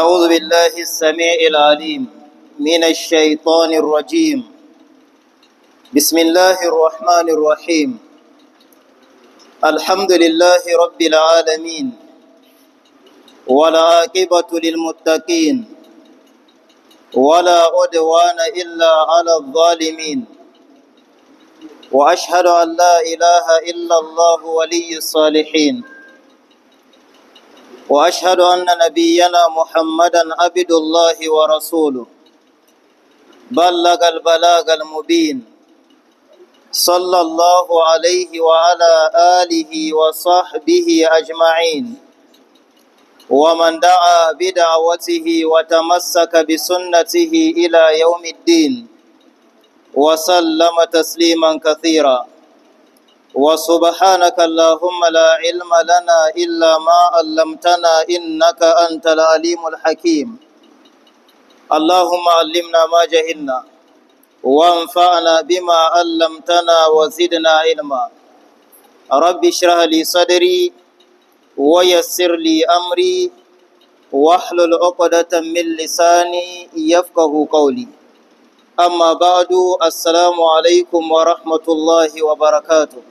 أعوذ بالله السميع العليم من الشيطان الرجيم بسم الله الرحمن الرحيم الحمد لله رب العالمين والعاقبة للمتقين ولا عدوان إلا على الظالمين وأشهد أن لا إله إلا الله ولي الصالحين واشهد ان نبينا محمدا عبد الله ورسوله بلغ البلاغ المبين صلى الله عليه وعلى اله وصحبه اجمعين ومن دعا بدعوته وتمسك بسنته الى يوم الدين وسلم تسليما كثيرا وسبحانك اللهم لا علم لنا إلا ما علمتنا إنك أنت العليم الحكيم اللهم علمنا ما جهلنا وانفعنا بما علمتنا وزدنا علما رب اشرح لي صدري ويسر لي أمري واحلل عقدة من لساني يفقه قولي أما بعد السلام عليكم ورحمة الله وبركاته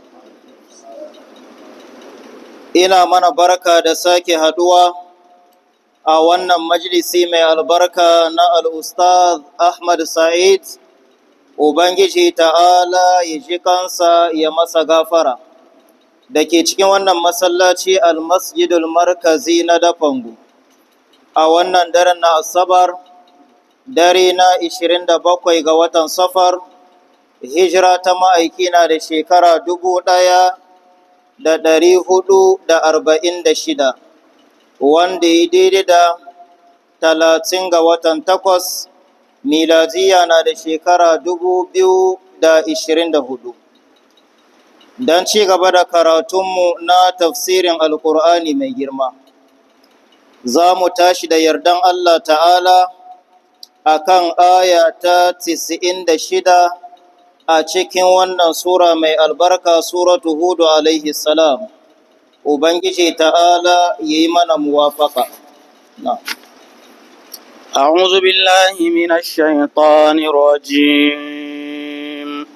ina mana barka da sake haduwa a wannan majalisi mai albarka na al'ustaz Ahmad Sa'id, Ubangiji ta'ala ya ji kansa ya masa gafara, da ke cikin wannan masallaci al-masjidul markazi na dafangu, a wannan daren na Asabar, dare na 27 ga watan Safar, hijira ta ma'aikina da shekara dubu ɗaya da ɗari hudu da arba'in da shida wanda ya daidai da talatin ga watan takwas miladiya na da shekara dubu biyu da ishirin da hudu don ci gaba da karatunmu na tafsirin alkur'ani mai girma za mu tashi da yardan allah ta'ala a kan aya da shida. a cikin wannan sura mai albarka suratu hudu alaihi salam ubangiji ta'ala yayi mana muwafaka أعوذ بالله من الشيطان الرجيم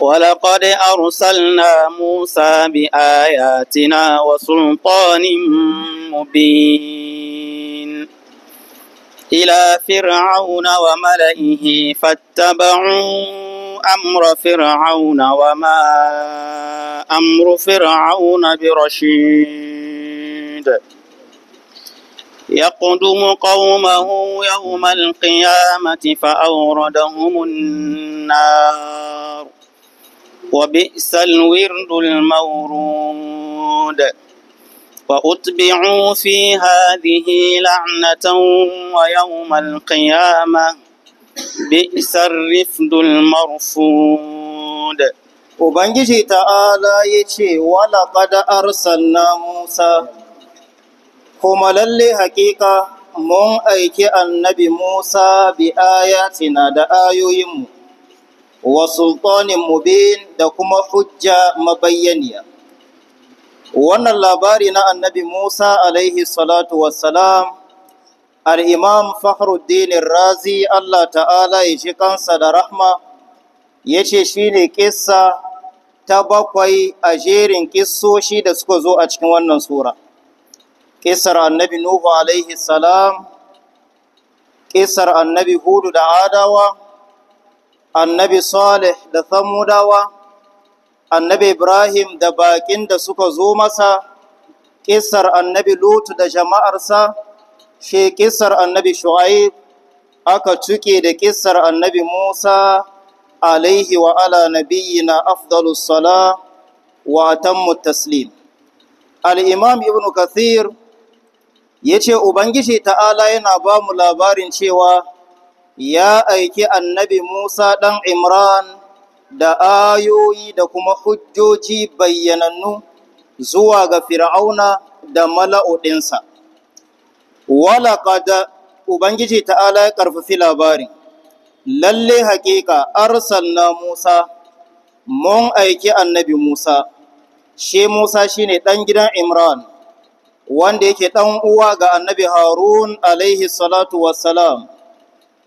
ولقد أرسلنا موسى بآياتنا وسلطان مبين إلى فرعون وملئه فاتبعوا أمر فرعون وما أمر فرعون برشيد يقدم قومه يوم القيامة فأوردهم النار وبئس الورد المورود وأتبعوا في هذه لعنة ويوم القيامة بئس الرفد المرفود Ubangiji ta'ala ya ce, Wala ƙada Musa, kuma lalle haƙiƙa mun aiki annabi Musa bi ayatina da ayoyinmu, wa sultanin mubin da kuma hujja mabayyaniya. wannan labari na annabi Musa alaihi salatu wassalam al'imam Fakhruddin Razi Allah ta'ala ya shi kansa da rahma ya ce shi ne ƙissa ta bakwai a jerin ƙissoshi da suka zo a cikin wannan sura. Ƙisar annabi Nuhu alaihi salam, ƙisar annabi Hudu da Adawa, annabi Salih da Samudawa. annabi Ibrahim da baƙin da suka zo masa, ƙisar annabi Lutu da jama'arsa, shi ƙisar annabi Shu'aib aka cike da ƙisar annabi Musa, alaihi wa ala na afdalus sala wa tammu taslim. Al'imam Ibn Kathir ya ce, Ubangiji ta'ala yana ba mu labarin cewa ya aiki annabi Musa ɗan Imran da ayoyi da kuma hujjoji bayyanannu zuwa ga fir'auna da mala'udinsa. Walaƙa da Ubangiji ta'ala ya ƙarfafi labarin, lalle haƙiƙa na Musa, mun aiki annabi Musa, shi Musa shine ne ɗan gidan Imran, wanda yake ɗan uwa ga annabi Harun alaihi salatu wassalam.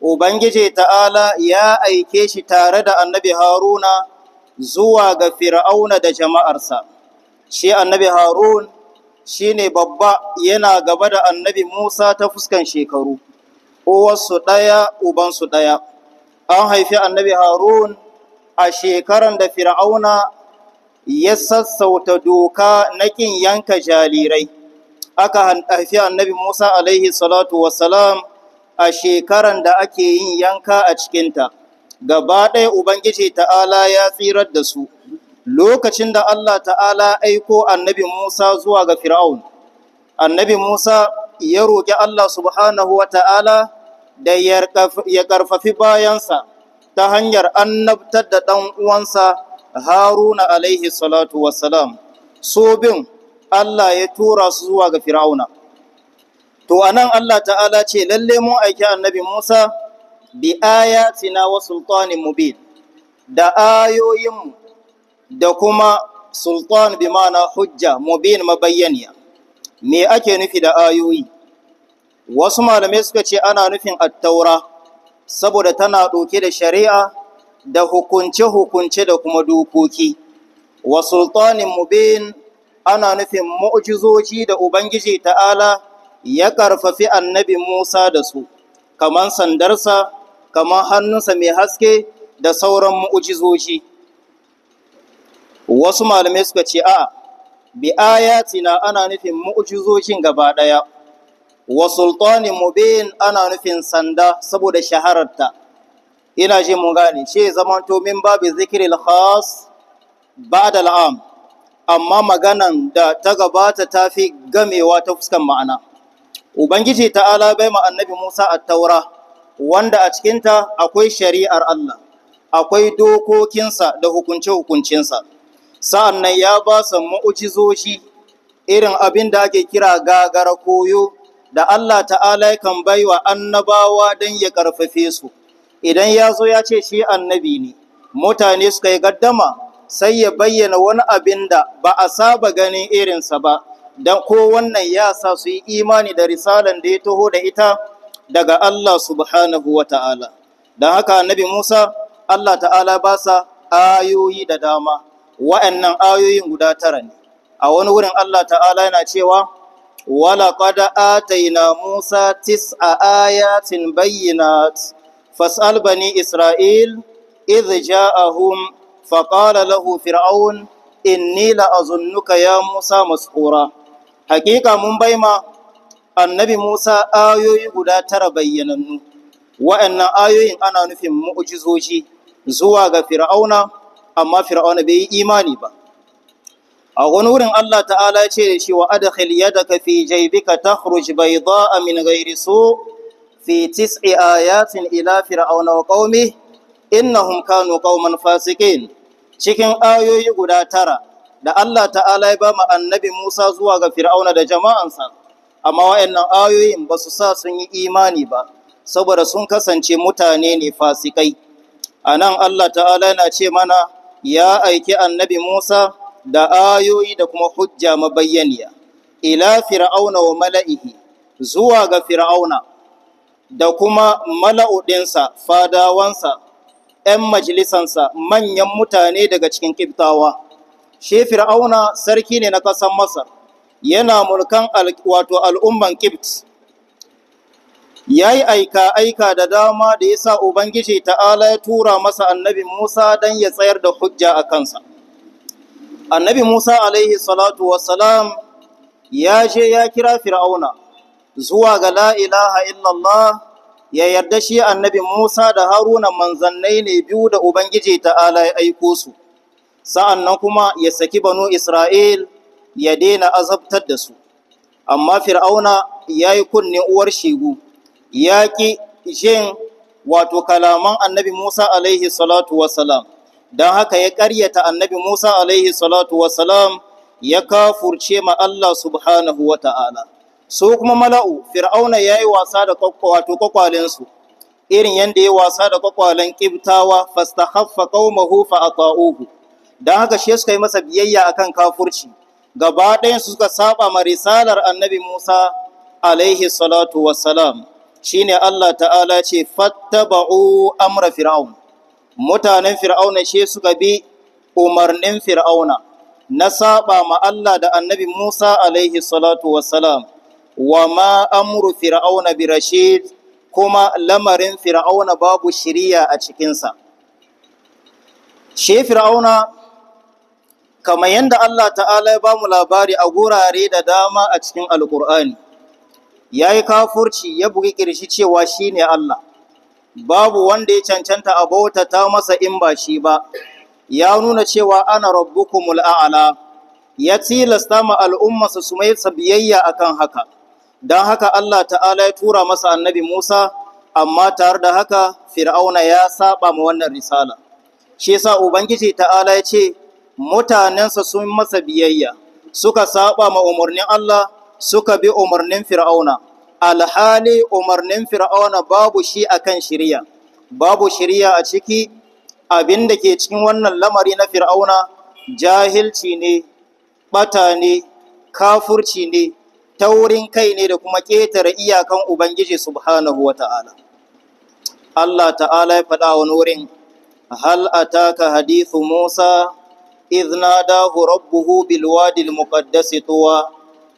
Ubangiji ta'ala ya aike shi tare da annabi Haruna zuwa ga Fir'auna da jama'arsa. Shi annabi Harun shi ne babba yana gaba da annabi Musa ta fuskan shekaru, uwarsu ɗaya, ubansu ɗaya. An haifi annabi Harun a shekaran da Fir'auna ya sassauta doka na ƙin yanka jarirai. Aka haifi annabi Musa alaihi salatu a shekaran da ake yin yanka a cikinta, gaba ɗaya Ubangiji ta'ala ya tsirar da su, lokacin da Allah ta'ala aiko annabi Musa zuwa ga Fir'aun. Annabi Musa ya roƙi Allah subhanahu wa ta'ala da ya ƙarfafi bayansa ta hanyar annabtar da ɗan uwansa Haruna alaihi salatu wassalam. So bin Allah ya tura su zuwa ga Fir'auna. to anan Allah ta'ala ce lalle mun aiki annabi Musa bi ayatina wa sultanin mubin da ayoyinmu da kuma sultan bi ma'ana hujja mubin mabayyaniya me ake nufi da ayoyi wasu malamai suka ce ana nufin attaura saboda tana ɗauke da shari'a da hukunce-hukunce da kuma dokoki wa sultanin mubin ana nufin mu'jizoji da ubangiji ta'ala ya ƙarfafi annabi Musa da su, kamar sandarsa, kamar hannunsa mai haske da sauran mu'ujizoji. Wasu malamai suka ce, A, bi ayatina ana nufin mu'ujizojin gaba ɗaya, wa sultanin mubin ana nufin sanda saboda shahararta. Ina ji mu gane, ce zamanto min babu zikirin khas ba da la'am, amma maganan da ta gabata ta fi gamewa ta fuskan ma'ana. Ubangiji ta'ala bai ma annabi Musa a taura, wanda a cikinta akwai shari'ar Allah, akwai dokokinsa da hukunce-hukuncinsa, sa'an nan ya ba su ma'ujizoshi irin abin da ake kira gagara koyo da Allah ta'ala kan bai wa annabawa don ya ƙarfafe su, idan ya zo ya ce shi annabi ne, mutane suka yi gaddama sai ya bayyana wani abin da ba a saba ganin irinsa ba. don ko wannan ya sa su yi imani da risalan da ya taho da ita daga Allah subhanahu wa ta'ala. Don haka annabi Musa, Allah ta'ala ba sa ayoyi da dama, wa'annan ayoyin guda tara ne. A wani wurin Allah ta'ala yana cewa, Wala ƙada ataina Musa tis a ayatin bayyinat, fas'al bani Isra'il, idh ja'ahum, faƙala lahu fir'aun, inni la'azunnuka ya Musa mas'ura. Hakika mun bai ma annabi Musa ayoyi guda tara bayyanannu wa'annan ayoyin ana nufin mu'ujizoji zuwa ga fir'auna amma fir'auna bai yi imani ba a wani wurin Allah ta'ala ce da shi wa adkhil yadaka fi jaybika takhruj a min gairi su fi tis'i ayatin ila fir'auna wa qaumi innahum kanu qauman fasikin cikin ayoyi guda tara da Allah ta'ala ya ba mu annabi Musa zuwa ga Fir'auna da jama'ansa amma wayannan ayoyin ba su sa sun yi imani ba saboda sun kasance mutane ne fasikai anan Allah ta'ala yana ce mana ya aiki annabi Musa da ayoyi da kuma hujja mabayyaniya ila fir'auna wa mala'ihi zuwa ga fir'auna da kuma mala'udinsa fadawansa ‘yan majalisansa manyan mutane daga cikin ƙiftawa shi fir'auna sarki ne na ƙasar masar yana mulkan wato al'umman kibt ya yi aika aika da dama da ya sa ubangiji ta'ala ya tura masa annabi musa don ya tsayar da hujja a kansa annabi musa alaihi salatu wasalam ya je ya kira fir'auna zuwa ga la'ilaha illallah ya yarda shi annabi musa da haruna manzannai ne biyu da ubangiji ta'ala ya aiko su sa'an nan kuma ya saki banu Isra'il ya daina azabtar da su, amma Fir'auna ya yi kunne uwar shegu, ya ƙi jin wato kalaman annabi Musa alaihi salatu wasalam, don haka ya ƙaryata annabi Musa alaihi salatu wasalam ya kafurce ma Allah subhanahu wa ta'ala. Su kuma mala'u, Fir'auna ya yi wasa da wato kwakwalensu, irin yadda ya yi wasa da kwakwalen ƙibtawa, fasta haffa ƙaumahu fa a ƙa'uhu. don haka shi suka yi masa biyayya akan kafurci gaba ɗayan suka saba ma risalar annabi Musa alaihi salatu wassalam shine Allah ta'ala ce fattaba'u amra fir'aun mutanen fir'auna shi suka bi umarnin fir'auna na saba ma Allah da annabi Musa alaihi salatu wassalam wa ma amru fir'auna bi rashid kuma lamarin fir'auna babu shiriya a cikinsa she fir'auna kamar yadda Allah ta'ala ya ba mu labari a gurare da dama a cikin alkur'ani ya yi kafurci ya bugi ƙirshi cewa shi ne Allah babu wanda ya cancanta a bautata masa in ba shi ba ya nuna cewa ana rabbukumul a'ala ya tilasta ma al'ummarsa su mai biyayya akan haka don haka Allah ta'ala ya tura masa annabi Musa amma tare da haka fir'auna ya saba ma wannan risala shi yasa ubangiji ta'ala ya ce mutanensa sun masa biyayya suka saba ma umarnin Allah suka bi umarnin fir'auna alhali umarnin fir'auna babu shi akan shirya babu shirya a ciki abinda ke cikin wannan lamari na fir'auna jahilci ne bata ne kafurci ne taurin kai ne da kuma ƙetare iyakan ubangiji subhanahu wata'ala Allah ta'ala ya faɗa wani wurin hal ataka hadithu Musa إذ ناداه ربه بالوادي المقدس طوى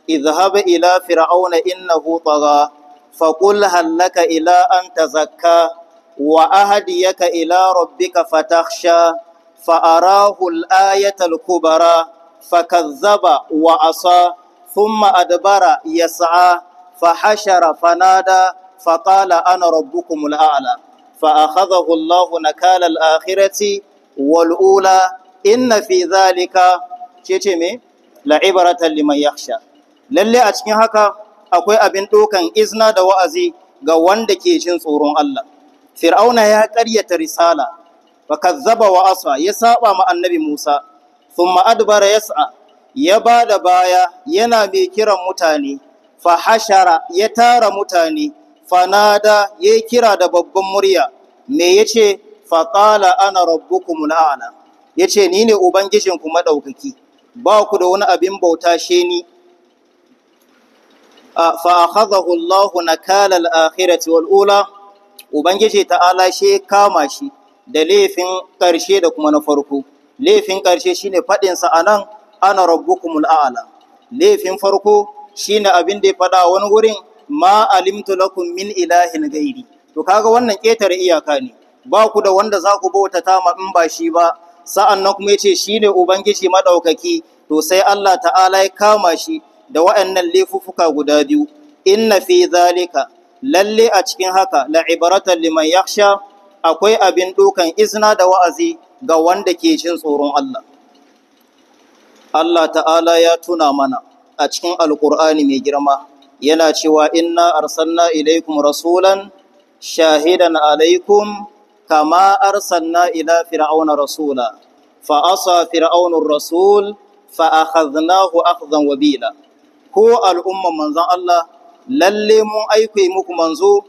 اذهب إلى فرعون إنه طغى فقل هل لك إلى أن تزكى وأهديك إلى ربك فتخشى فأراه الآية الكبرى فكذب وعصى ثم أدبر يسعى فحشر فنادى فقال أنا ربكم الأعلى فأخذه الله نكال الآخرة والأولى inna fi zalika ce ce me la'ibaratan liman yakhsha lalle a cikin haka akwai abin dokan izna da wa'azi ga wanda ke cin tsoron Allah fir'auna ya ƙaryata risala wa kazzaba wa asa ya saba ma annabi Musa thumma adbara yas'a ya bada baya yana mai kiran mutane fa hashara ya tara mutane fanada ya kira da babban murya me yace qala ana rabbukumul a'la ya ce ni ne ubangijinku maɗaukaki ba ku da wani abin bauta she ni fa'akhadahu Allahu na kalal akhirati wal'ula ubangiji ta'ala she kama shi da laifin ƙarshe da kuma na farko laifin ƙarshe shine faɗinsa a nan ana rabbukumul a'ala laifin farko shine abin da ya faɗa wani wurin ma alimtu lakum min ilahin gairi to kaga wannan ƙetare iyaka ne ba ku da wanda za ku bautata ma in ba shi ba sa'annan kuma ce shi ne ubangiji maɗaukaki, to sai Allah ta'ala ya kama shi da waɗannan laifufuka guda biyu In na fi zalika lalle a cikin haka la'ibaratar liman sha akwai abin dukan izina da wa'azi ga wanda ke jin tsoron Allah Allah ta'ala ya tuna mana a cikin Alƙur'ani mai girma yana cewa inna arsalna ilaikum rasulan shahidan alaikum kama arsalna ila fir'auna rasula fa asa fir'aunur rasul fa akhadnahu akhdan wabila ko al'umma manzon Allah lalle mun aike muku manzo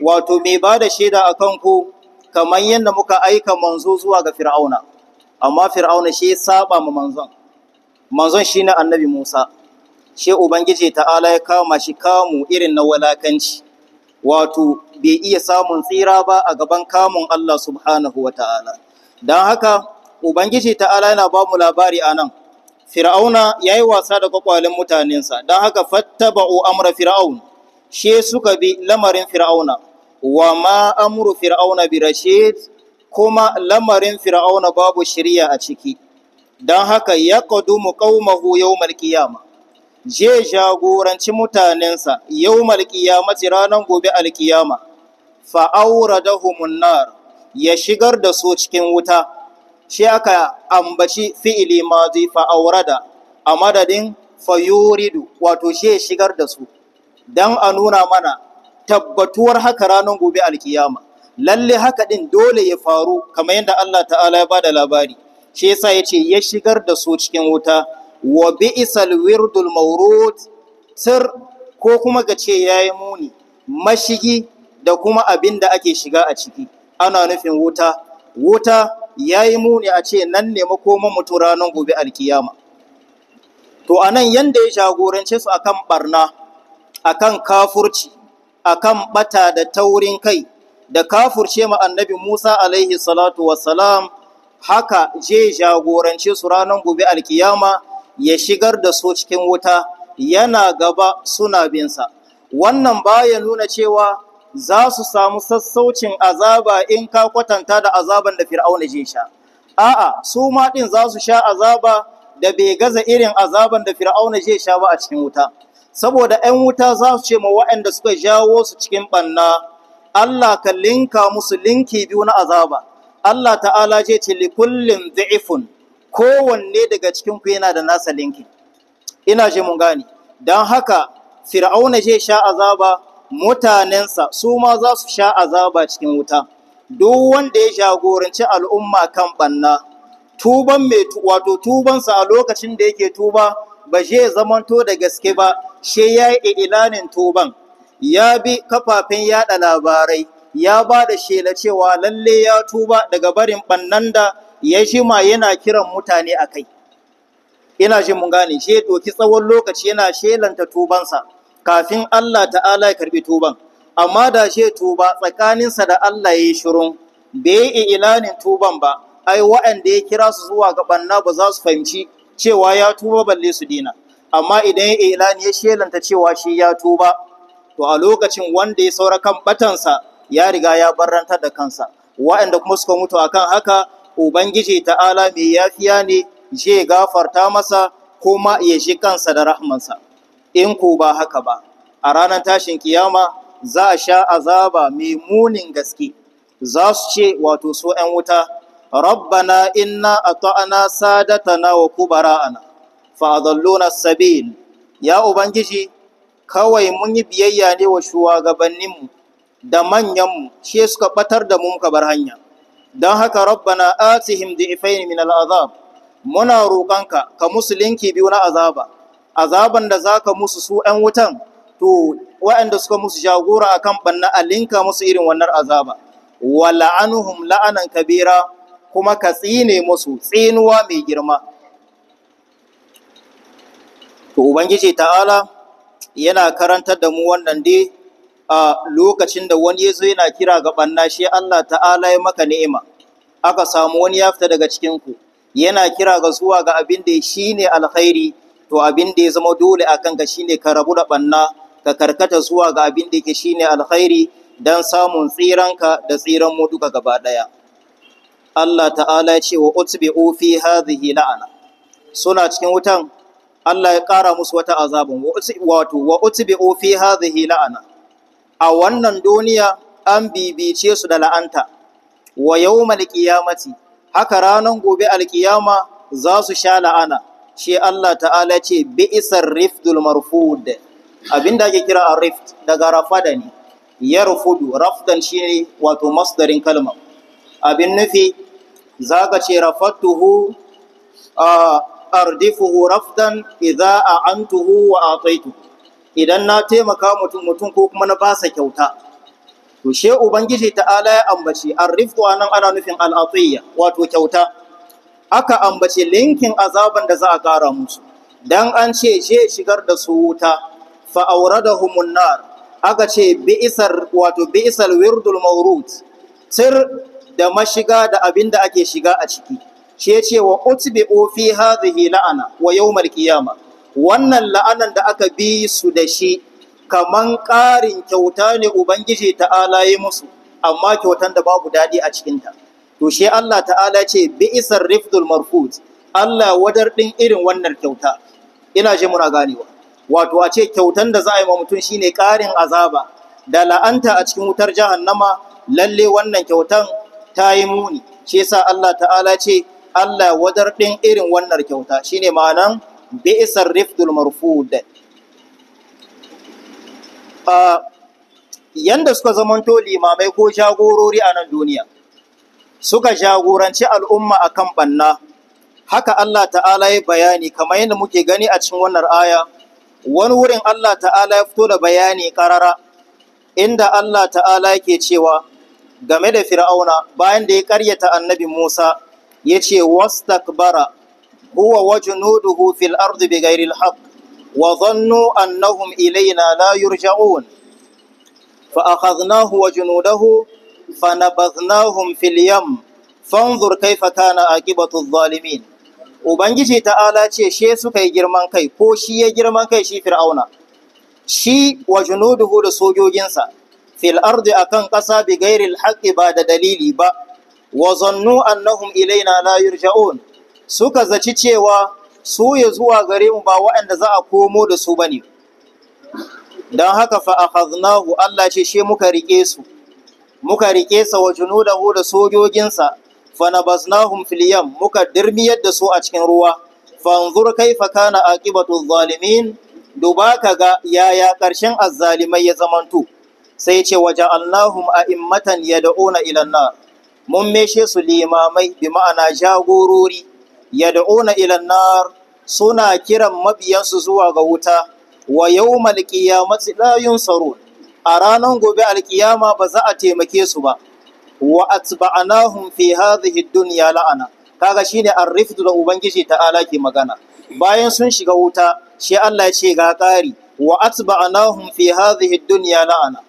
wato mai bada shaida akan ku kamar yadda muka aika manzo zuwa ga fir'auna amma fir'auna shi ya saba ma manzon manzon shine annabi Musa shi ubangiji ta'ala ya kama shi kamu irin na walakanci wato bai iya samun tsira ba a gaban kamun Allah subhanahu wa ta'ala. Don haka, Ubangiji ta'ala yana ba mu labari a nan, Fir'auna ya yi wasa da kwakwalin mutanensa, don haka fattaba'u amra Fir'aun, she suka bi lamarin Fir'auna, wa ma amuru Fir'auna bi Rashid, kuma lamarin Fir'auna babu shirya a ciki, don haka ya ƙadumu ƙaumahu yau malkiyama. zai jagoranci mutanensa yawmal qiyamati ranan gobe alkiyama fa da nar ya shigar da su cikin wuta shi aka ambaci fi'ili mazi fa a madadin fa wato shi ya shigar da su dan a nuna mana tabbatuwar haka ranar gobe alkiyama lalle haka din dole ya faru kamar yadda Allah ta'ala ya bada labari shi yasa yace ya shigar da su cikin wuta wa bi'isal wirdul mawrud sir ko kuma ga ce yayi muni mashigi da kuma abinda da ake shiga a ciki ana nufin wuta wuta yayi muni a ce nan ne makoma mutu ranar gobe alkiyama to anan yanda ya jagorance su akan barna akan kafurci akan bata da taurin kai da kafurce ma annabi Musa alaihi salatu wassalam haka je jagorance su ranar gobe alkiyama ya shigar da su cikin wuta yana gaba suna binsa wannan baya nuna cewa za su samu sassaucin azaba in ka kwatanta da azaban da fir'auna ji sha a'a su ma din za su sha azaba da bai gaza irin azaban da fir'auna ji sha ba a cikin wuta saboda 'yan wuta za su ce ma waɗanda suka jawo su cikin ɓanna Allah ka linka musu linki biyu na azaba Allah ta'ala ce ce likullin dhi'fun kowanne daga cikin ku yana da nasa linkin ina je mun gani. don haka fir'auna zai sha azaba mutanensa su ma za su sha azaba cikin wuta duk wanda ya jagoranci al'umma kan banna tuban mai wato tubansa a lokacin da yake tuba ba zai zamanto da gaske ba she ya yi ilanin tuban ya bi kafafen yada labarai ya ba da shela cewa lalle ya tuba daga barin bannan da ya shi ma yana kiran mutane a kai ina shi mun gane shi doki tsawon lokaci yana shelanta tubansa kafin Allah ta'ala ya karɓi tuban amma da shi tuba tsakaninsa da Allah ya yi shirin bai yi ilanin tuban ba ai waɗanda ya kira su zuwa ga ɓanna ba za su fahimci cewa ya tuba balle su dina amma idan ya ilani ya shelanta cewa shi ya tuba to a lokacin wanda ya saura kan batansa ya riga ya barranta da kansa waɗanda kuma suka mutu akan haka Ubangiji ta'ala mai yafiya ne je gafarta masa kuma ya shi kansa da rahmansa, in ku ba haka ba, a ranar tashin kiyama za a sha azaba mai munin gaske, za su ce wato su ‘yan wuta, Rabbana inna a ta'ana sadatana wa kubara'ana, fa'adalluna sabin, ya Ubangiji, kawai mun yi biyayya ne wa shugabanninmu da manyanmu, shi suka ɓatar da mu muka bar hanya. don haka rabbana atihim di'ifaini min al'azab muna roƙonka ka musu linki biyu na azaba azaban da zaka musu su ɗan wutan to waɗanda suka musu jagora akan banna a linka musu irin wannan azaba wa la'anuhum la'anan kabira kuma ka tsine musu tsinuwa mai girma to ubangiji ta'ala yana karantar da mu wannan dai a lokacin da wani ya zo yana kira ga ɓanna shi Allah ta'ala ya maka ni'ima aka samu wani ya fita daga cikinku yana kira ga zuwa ga abin da shi ne alkhairi to abin da ya zama dole a kanka shi ne ka rabu da ɓanna ka karkata zuwa ga abin da yake shi ne alkhairi don samun tsiranka da tsiran mu duka gaba ɗaya Allah ta'ala ya ce wa utbi fi hadhihi la'ana suna cikin wutan Allah ya ƙara musu wata azabin wato wa utbi fi hadhihi la'ana a wannan duniya an bibice su da la'anta wa yawmal qiyamati haka ranan gobe alkiyama za su sha la'ana shi Allah ta'ala ce bi'sar rifdul marfud abinda ake kira rift daga rafada ne yarfudu rafdan shine wato masdarin kalma abin nufi zaka ce rafattuhu ardifuhu rafdan idza a'antuhu wa ataituhu idan na taimaka mutum mutum ko kuma na basa kyauta to she ubangiji ta'ala ya ambace arrifqu nan ana nufin al'atiyya wato kyauta aka ambace linkin azaban da za a kara musu dan an ce she shigar da su wuta fa da nar aka ce bi'isar wato bi'isar wirdul mawrud sir da mashiga da abinda ake shiga a ciki she ce wa utbi'u fi hadhihi la'ana wa yawmal qiyamah wannan la'anan da aka bi su da shi kaman ƙarin kyauta ne ubangiji ta'ala yi musu amma kyautan da babu daɗi a cikinta to shi Allah ta'ala ce bi isar rifdul marfuz Allah wadar ɗin irin wannan kyauta ina ji muna ganewa wato a ce kyautan da za a yi ma mutum shine ƙarin azaba da la'anta a cikin wutar jahannama lalle wannan kyautan ta yi muni shi yasa Allah ta'ala ce Allah wadar ɗin irin wannan kyauta shine ma'anan bi'sar rifdul marfud yanda suka zamanto limamai ko jagorori a nan duniya suka jagoranci al'umma akan banna haka Allah ta'ala ya bayani kamar yadda muke gani a cikin wannan aya wani wurin Allah ta'ala ya fito da bayani karara inda Allah ta'ala yake cewa game da fir'auna bayan da ya karyata annabi Musa ya ce takbara. huwa wajnuduhu fil ardi bighairi al haqq wa dhannu annahum ilayna la yurja'un fa akhadhnahu wa junudahu fanabadhnahum fil yam fanzur kayfa kana aqibatu adh-dhalimin ubangiji ta'ala ce shi suka yi girman kai ko shi ya girman kai shi fir'auna shi wa junuduhu da sojojin sa fil ardi akan qasa bighairi al haqq ba da dalili ba Wazannu dhannu ilaina ilayna la yurja'un suka zaci cewa su ya zuwa gare mu ba waɗanda za a komo da su ba ne don haka haznahu, Allah ce shi muka riƙe su muka riƙe sa wa junudahu da sojojinsa fanabaznahum fil filiyan muka dirmiyar da su a cikin ruwa fanzur fa kana aqibatu zalimin duba ka ga yaya ƙarshen azzalimai ya zamantu. sai ce waje, a a ya ila ona ilanna.' mun meshe su limamai bi ma'ana jagorori yad'una ila nar suna kiran mabiyansu zuwa ga wuta wa yawmal qiyamati la yunsarun a ranar gobe alkiyama ba za a taimake su ba wa atba'nahum fi hadhihi dunya la'ana kaga shine ar da ubangiji ta'ala ke magana bayan sun shiga wuta shi Allah ya ce ga kari wa atba'nahum fi hadhihi dunya la'ana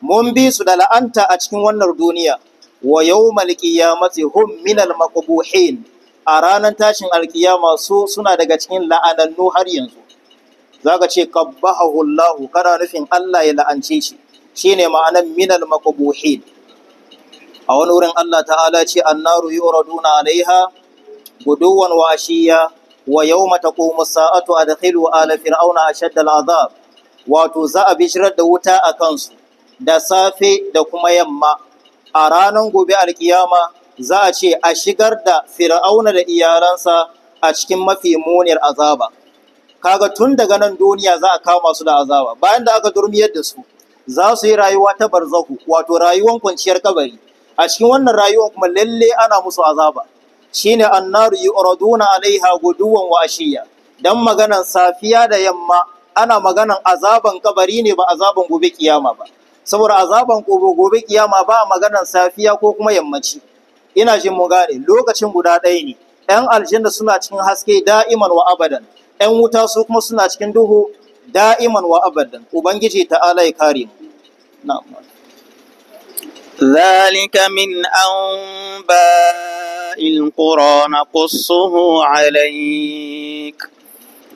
mun bi su da la'anta a cikin wannan duniya wa yawmal qiyamati hum minal maqbuhin a ranar tashin alkiyama su suna daga cikin la'anannu har yanzu za ka ce qabbahu Allah kana nufin Allah ya la'ance shi shine ma'anar minal maqbuhin a wani wurin Allah ta'ala ce annaru yuraduna alaiha guduwan wa ashiya wa yawma taqumu sa'atu adkhilu ala fir'auna ashadda al'azab wato za a bishirar da wuta a kansu da safe da kuma yamma a ranar gobe alkiyama za a ce a shigar da fir'auna da iyalansa a cikin mafi muniyar azaba kaga tun daga nan duniya za a kama su da azaba bayan da aka durmiyar da su za su yi rayuwa ta barzahu wato rayuwan kwanciyar kabari a cikin wannan rayuwar kuma lalle ana musu azaba shine annaru yuraduna alaiha guduwan wa ashiya dan maganan safiya da yamma ana maganan azaban kabari ne ba azaban gobe kiyama ba saboda azaban gobe gobe kiyama ba maganan safiya ko kuma yammaci ina jin mu gane lokacin guda ɗaya ne ‘yan aljanna suna cikin haske da'iman wa abadan ‘yan wuta su kuma suna cikin duhu da'iman wa abadan ubangiji ta'ala ya kare mu na'am ذلك من أنباء القرى نقصه عليك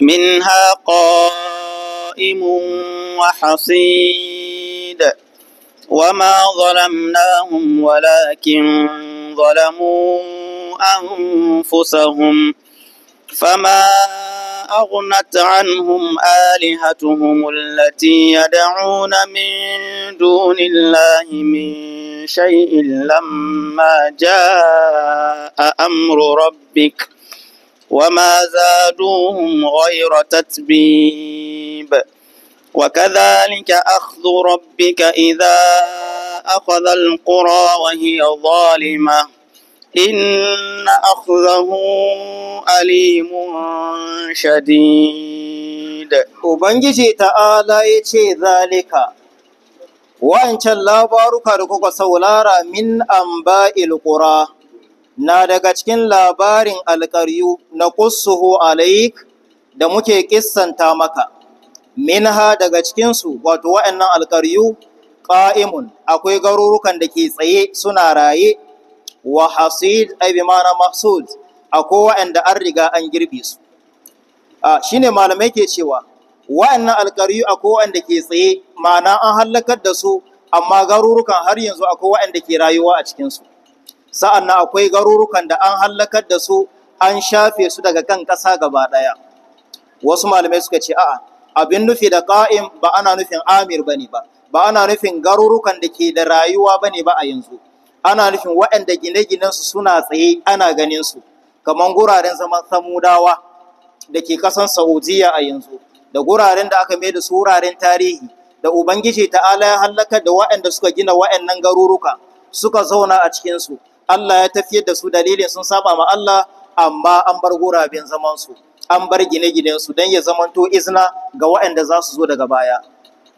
منها قائم وحصيد وما ظلمناهم ولكن ظلموا أنفسهم فما أغنت عنهم آلهتهم التي يدعون من دون الله من شيء لما جاء أمر ربك وما زادوهم غير تتبيب وكذلك أخذ ربك إذا أخذ القرى وهي ظالمة إن أخذه أليم شديد وبنجي تعالى يتشي ذلك وإن شاء الله بارك ركوك سولارا من أنباء القرى نادقاتكين لابارين القريو نقصه عليك da muke kissanta maka minha daga cikinsu wato wa'annan alƙaryu ƙa'imun akwai garurukan da ke tsaye suna raye wa hasid aibi mana mahsud akwai wa'anda an riga an girbe su shi ne malamai ke cewa wa'annan alƙaryu akwai wa'anda ke tsaye mana an hallakar da su amma garurukan har yanzu akwai wa'anda ke rayuwa a cikinsu sa'an akwai garurukan da an hallakar da su an shafe su daga kan ƙasa gaba ɗaya wasu malamai suka ce a'a abin nufi da ƙa'im ba ana nufin amir ba ne ba, ba ana nufin garurukan da ke da rayuwa ba ne ba a yanzu, ana nufin waɗanda gine ginen su suna tsaye ana ganin su, kamar guraren zaman samudawa da ke kasan Saudiya a yanzu, da guraren da aka mai da su wuraren tarihi, da Ubangiji ta'ala ya hallaka da waɗanda suka gina waɗannan garuruka suka zauna a cikinsu, Allah ya tafiyar da su dalilin sun saba ma Allah, amma an bar guraben zamansu. an bar gine-ginensu don ya zamanto izina ga waɗanda za su zo daga baya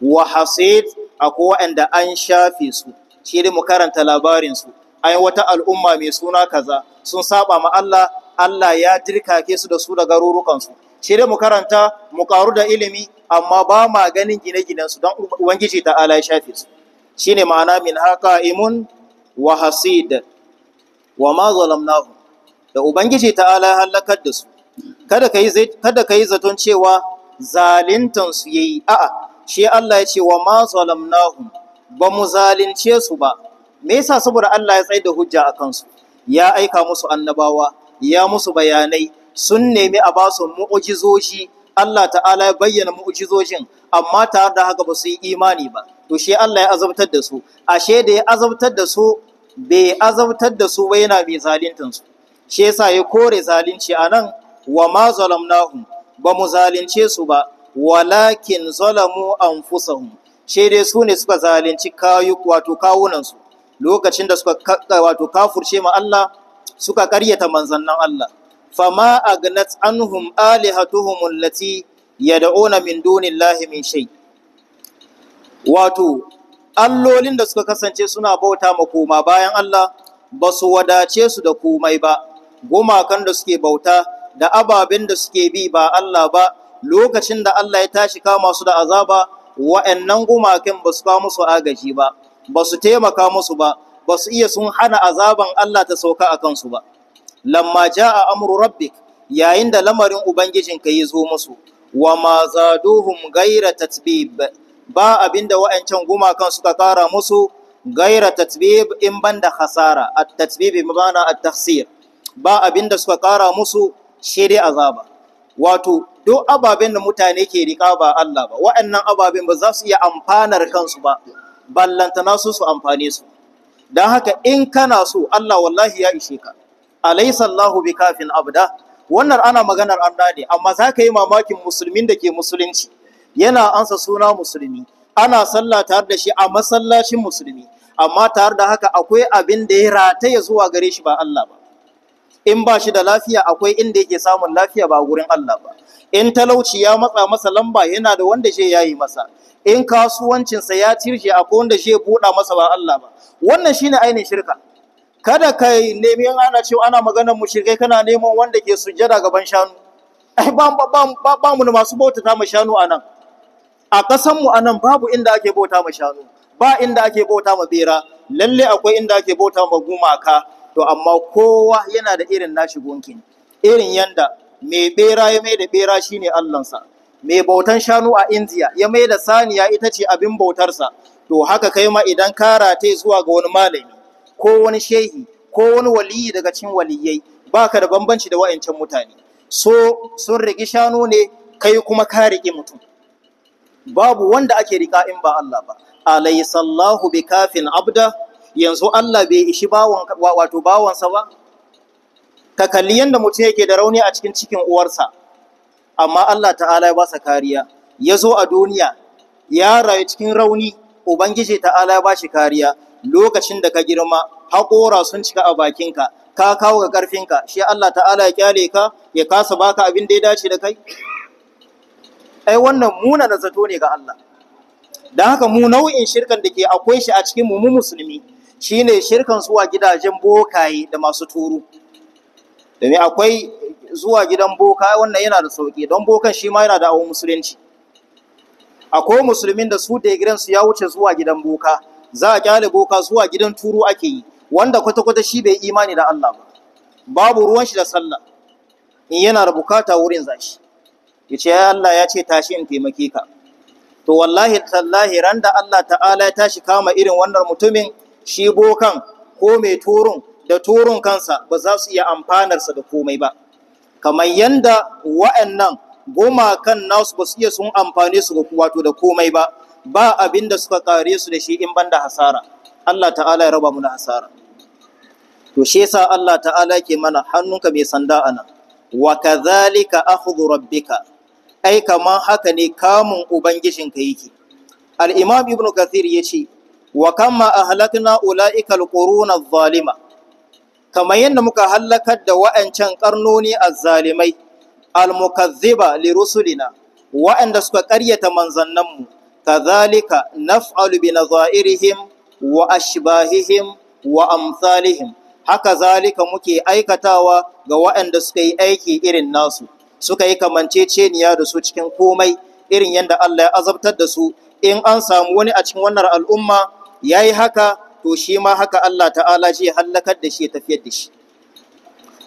wa hasid akwai waɗanda an shafe su shi ne mu karanta labarinsu ai wata al'umma mai suna kaza sun saba ma Allah Allah ya jirkake su da su da garurukansu shi ne mu karanta mu karu da ilimi amma ba ma ganin gine-ginensu don ubangiji ta ala ya shafe su shi ne ma'ana min haka imun wa hasid wa ma zalamnahu da ubangiji ta ala halakar da su kada ka yi zaton cewa su ya yi a'a shi Allah ya ce wa ma zalamnahu ba mu zalince su ba me yasa saboda Allah ya tsaye da hujja a kansu ya aika musu annabawa ya musu bayanai sun nemi a ba su mu'ujizoji Allah ta'ala ya bayyana mu'ujizojin amma ta da haka ba su yi imani ba to shi Allah ya azabtar da su ashe da ya azabtar da su bai azabtar da su ba yana mai su shi yasa ya kore zalunci a nan wa ma zalamnahum ba mu zalunce su ba walakin zalamu anfusahum shi dai su ne suka zalunci kayu wato su. lokacin da suka wato kafurce ma Allah suka karyata manzannin Allah fama agnat anhum alihatuhum allati yad'una min dunillahi min shay wato allolin da suka kasance suna bauta ma koma bayan Allah ba su wadace su da komai ba gumakan da suke bauta da ababen da suke bi ba Allah ba lokacin da Allah ya tashi kama su da azaba wa'annan gumakin ba su kawo musu agaji ba ba su taimaka musu ba ba su iya sun hana azaban Allah ta sauka a kansu ba lamma ja'a amru rabbik yayin da lamarin ubangijin ka ya zo musu wa ma zaduhum gaira tatbib ba abinda wa'ancan gumakan suka kara musu gaira tatbib in banda hasara at tatbib bi ma'ana at tafsir ba abinda suka kara musu sai dai azaba wato duk ababen da mutane ke rika ba Allah ba waɗannan ababen ba za su iya amfanar kansu ba ballantana su su amfane su don haka in kana so Allah wallahi ya ishe ka alaysa Allahu kafin abda wannan ana maganar an dade amma za ka yi mamakin musulmin da ke musulunci yana ansa suna musulmi ana sallah tare da shi a masallacin musulmi amma tare da haka akwai abin da ya rataya zuwa gare shi ba Allah ba in ba shi da lafiya akwai inda yake samun lafiya ba gurin Allah ba in talauci ya matsa masa lamba yana da wanda shi yayi masa in kasuwancinsa ya cirje akwai wanda shi buɗa masa ba Allah ba wannan shine ainihin shirka kada ka nemi ana cewa ana maganar mushrikai kana neman wanda ke sujjada gaban shanu ai ba ba ba mu masu bauta mu shanu anan a kasan mu anan babu inda ake bauta mu shanu ba inda ake bauta mu bera lalle akwai inda ake bauta mu gumaka to amma kowa yana da irin nashi gunkin irin yanda mai bera ya mai da bera shine allansa mai bautan shanu a indiya ya mai da saniya ita ce abin bautarsa to haka kai ma idan ka rataye zuwa ga wani malami ko wani shehi ko wani waliyi daga cikin waliyai baka da bambanci da wa'ancan mutane so sun rigi shanu ne kai kuma ka riƙi mutum babu wanda ake riƙa in ba Allah ba alaysallahu bikafin kafin abda yanzu Allah bai ishi bawon wato bawonsa ba ka kalli yanda mutum yake da rauni a cikin cikin uwarsa amma Allah ta'ala ya basa kariya ya zo a duniya ya rayu cikin rauni ubangiji ta'ala ya ba shi kariya lokacin da ka girma haƙora sun cika a bakinka ka kawo ga ƙarfinka shi Allah ta'ala ya kyale ka ya kasa baka abin da ya dace da kai ai wannan muna na zato ne ga Allah don haka mu nau'in shirkan da ke akwai shi a cikin mu musulmi Shi ne shirkan zuwa gidajen bokaye da masu turu domin akwai zuwa gidan boka wannan yana da sauƙi, don bokan shi ma yana da awon musulunci akwai musulmin da su da su ya wuce zuwa gidan boka za a kyale boka zuwa gidan turu ake yi wanda kwata-kwata shi bai imani da Allah ba babu ruwan shi da sallah in yana da bukata wurin zashi yace ya Allah ya ce tashi in taimake ka to wallahi tallahi ran da Allah ta'ala ya tashi kama irin wannan mutumin shi bokan ko mai turun da turun kansa ba za su iya amfanarsa da komai ba kamar yanda wa'annan goma kan nasu ba su iya sun amfane su wato da komai ba ba abin da suka kare su da shi in banda hasara Allah ta'ala ya raba mu da hasara to shi yasa Allah ta'ala ke mana hannunka mai sanda anan wa kadhalika akhudhu rabbika ai kaman haka ne kamun ubangijinka yake al-imam ibnu kathir yace wa kama ahlakna ula'ika alquruna adh-dhalima kamar yadda muka halakar da wa'ancan karnoni al almukazziba li rusulina wa'anda suka ƙaryata manzannanmu kadhalika naf'alu bi nazairihim wa ashbahihim wa amsalihim haka zalika muke aikatawa ga wa'anda suka yi aiki irin nasu suka yi kamanceceniya da su cikin komai irin yadda Allah ya azabtar da su in an samu wani a cikin wannan al'umma ya yi haka to shi ma haka Allah ta'ala shi hallakar da shi ya tafiyar da shi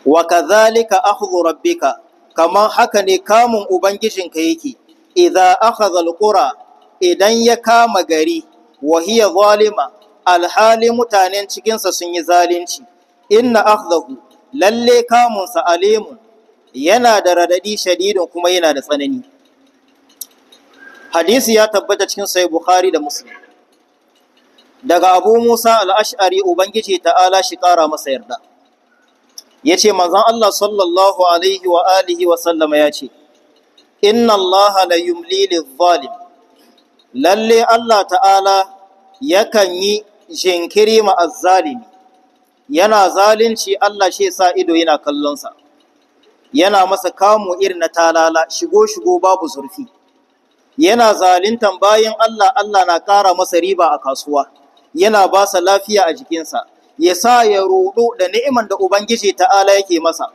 wa kadhalika akhdhu rabbika kaman haka ne kamun ubangijin ubangijinka yake idza akhadha alqura idan ya kama gari wa hiya zalima alhali mutanen cikinsa sun yi zalunci inna akhdahu lalle kamunsa Alemu yana da radadi shadidin kuma yana da tsanani hadisi ya tabbata cikin sahih bukhari da muslim daga abu musa al'ash'ari ubangiji ta'ala shi ƙara masa yarda ya ce manzan allah sallallahu alaihi wa alihi wa ya ce inna Allah la yumli zalim lalle allah ta'ala yakan yi jinkiri ma'azzalimi yana zalunci allah shi sa ido yana kallonsa yana masa kamu irin na talala shigo-shigo babu zurfi yana zalintan bayan allah allah na ƙara masa riba a kasuwa yana ba sa lafiya a jikinsa ya sa ya rudu da ni'iman da ubangiji ta'ala yake masa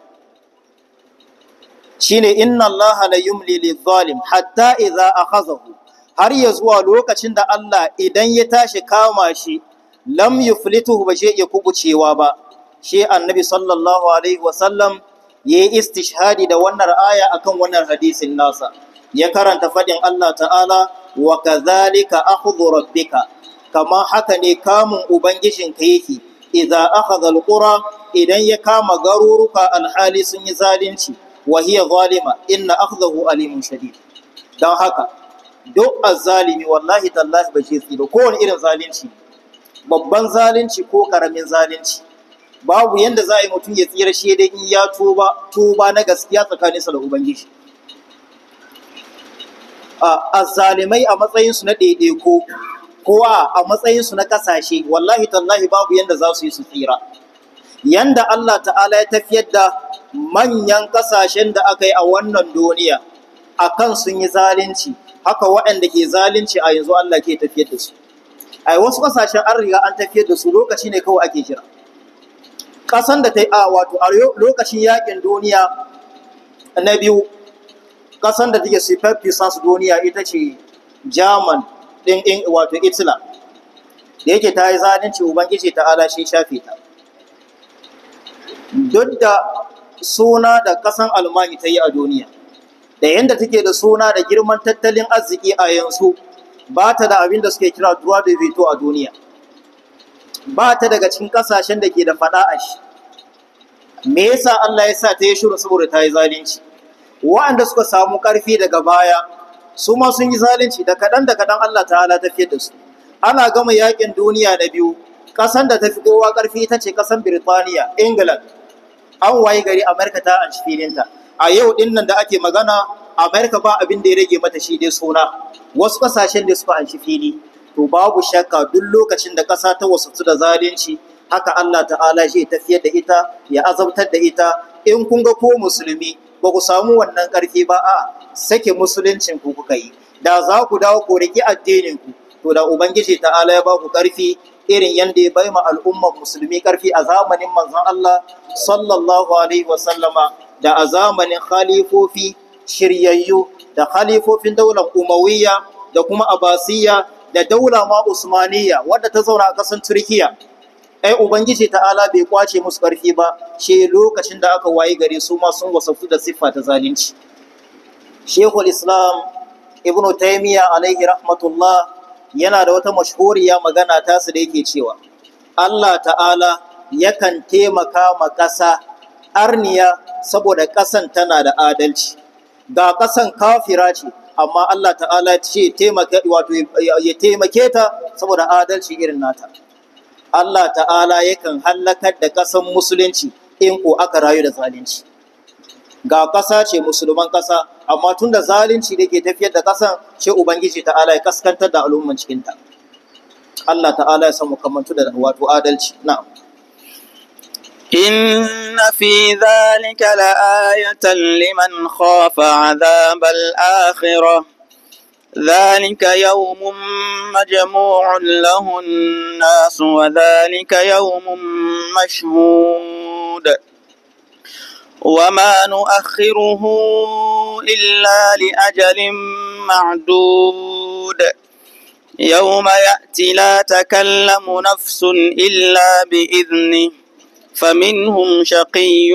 shine inna allaha la yumli lidh Hatta hatta idza akhazahu har ya zuwa lokacin da Allah idan ya tashi kama shi lam yuflituhu ba shi ya kubucewa ba shi annabi sallallahu alaihi wasallam yayi istishhadi da wannan aya akan wannan hadisin nasa ya karanta faɗin Allah ta'ala wa kadhalika akhdhu rabbika kamar haka ne kamun Ubangijinka yake, idza aka zalƙura idan ya kama garuruka alhali sun yi zalunci, wahiyar zalima, inna akhdahu alimun shadid. Don haka, duk zalimi wallahi tallahi ba shi tsira kowane irin zalunci, babban zalunci ko karamin zalunci. Babu yanda za a yi mutum ya tsira shi dai in ya tuba, tuba na gaskiya tsakanin tsakaninsa da Ubangiji. azzalimai a matsayinsu na ko. Kowa, a matsayinsu na ƙasashe, wallahi tallahi babu yanda za su yi su tsira yanda Allah ta'ala ya tafiyar da manyan ƙasashen da aka yi a wannan duniya a kan sun yi zalunci haka waɗanda ke zalunci a yanzu Allah ke tafiyar da su a wasu kasashen an riga an tafiyar da su lokaci ne kawai ake jira ƙasan da ta yi a wato a lokacin yaƙin duniya na biyu ƙasan da take sifaffi sansu duniya ita ce German ɗin wato itila da yake ta yi zalunci ubangiji ta ala shi shafe ta duk da suna da ƙasan almani ta yi a duniya da yadda take da suna da girman tattalin arziki a yanzu ba ta da abin da suke kira duwa da veto a duniya ba ta daga cikin ƙasashen da ke da faɗa a shi me yasa Allah ya sa ta yi shiru saboda ta yi zalunci wa'anda suka samu ƙarfi daga baya su ma sun yi zalunci da kaɗan da kaɗan Allah ta'ala ta fiye da su ana gama yakin duniya na biyu ƙasan da ta fi kowa ƙarfi ita ce ƙasan Birtaniya England an waye gari Amerika ta an filinta a yau ɗin nan da ake magana Amerika ba abin da ya rage mata shi dai suna wasu ƙasashen da suka anshi fili to babu shakka duk lokacin da ƙasa ta wasu da zalunci haka Allah ta'ala shi fiye da ita ya azabtar da ita in kun ga ko musulmi ba ku samu wannan ƙarfi ba a sake musuluncin ku kuka yi da za ku dawo ku riƙi addinin ku to da ubangiji ta'ala ya ba ku ƙarfi irin yadda ya bai ma al'ummar musulmi ƙarfi a zamanin manzon Allah sallallahu alaihi wa sallama, da a zamanin khalifofi shiryayyu da khalifofin daular umawiyya da kuma abasiyya da daula ma usmaniyya wadda ta zauna a ƙasar turkiya ai ubangiji ta'ala bai kwace musu ƙarfi ba she lokacin da aka waye gare su ma sun wasaftu da siffa ta zalunci shehu islam ibnu taymiya alaihi rahmatullah yana da wata mashhuriya magana ta su da yake cewa Allah ta'ala yakan taimaka ma ƙasa arniya saboda ƙasan tana da adalci ga ƙasan kafira ce amma Allah ta'ala ce taimaka wato ya taimake ta saboda adalci irin nata Allah ta'ala yakan halakar da kasan musulunci in ko aka rayu da zalunci ga kasa ce musulman kasa amma tun da zalunci dake tafiyar da kasan ce ubangiji ta'ala ya kaskantar da al'umman ta Allah ta'ala ya samu kamantu da wato adalci na'am إن في ذلك لآية لمن خاف عذاب الآخرة ذلك يوم مجموع له الناس وذلك يوم مشهود وما نؤخره إلا لأجل معدود يوم يأتي لا تكلم نفس إلا بإذنه فمنهم شقي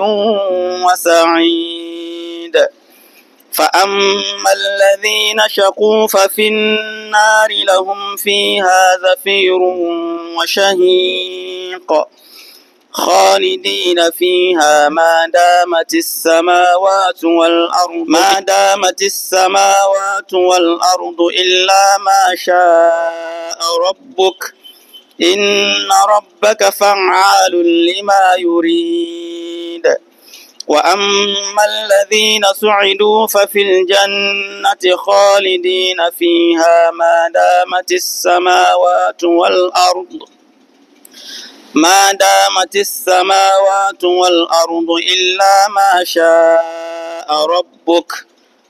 وسعيد فأما الذين شقوا ففي النار لهم فيها زفير وشهيق خالدين فيها ما دامت السماوات والأرض ما دامت السماوات والأرض إلا ما شاء ربك إن ربك فعال لما يريد وأما الذين سعدوا ففي الجنة خالدين فيها ما دامت السماوات والأرض ما دامت السماوات والأرض إلا ما شاء ربك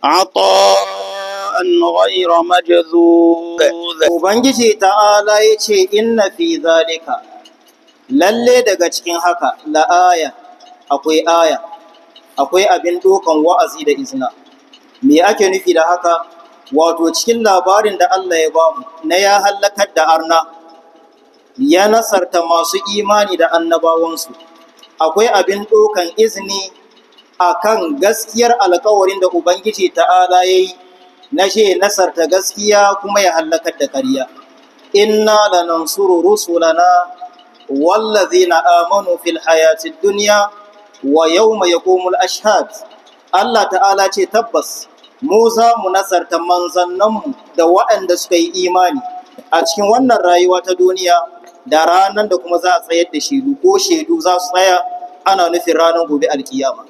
عطاء غير مجذوذ وبنجي تعالى يتي إن في ذلك للي دقا cikin haka la aya akwai aya akwai abin dokan wa'azi da izina me ake nufi da haka wato cikin labarin da Allah ya ba mu na ya halakar da arna ya nasarta masu imani da annabawansu akwai abin dokan izini akan gaskiyar alkawarin da ubangiji ta'ala ya yi na she nasarta gaskiya kuma ya halakar da ƙarya inna lanansuru rusulana na amanu fil hayatid duniya. wa yawma yaqumul ashhad Allah ta'ala ce tabbas mu za mu nasarta manzannanmu da waɗanda suka yi imani a cikin wannan rayuwa ta duniya da ranar da kuma za a tsayar da shaidu ko shaidu za su tsaya ana nufin ranar gobe alkiyama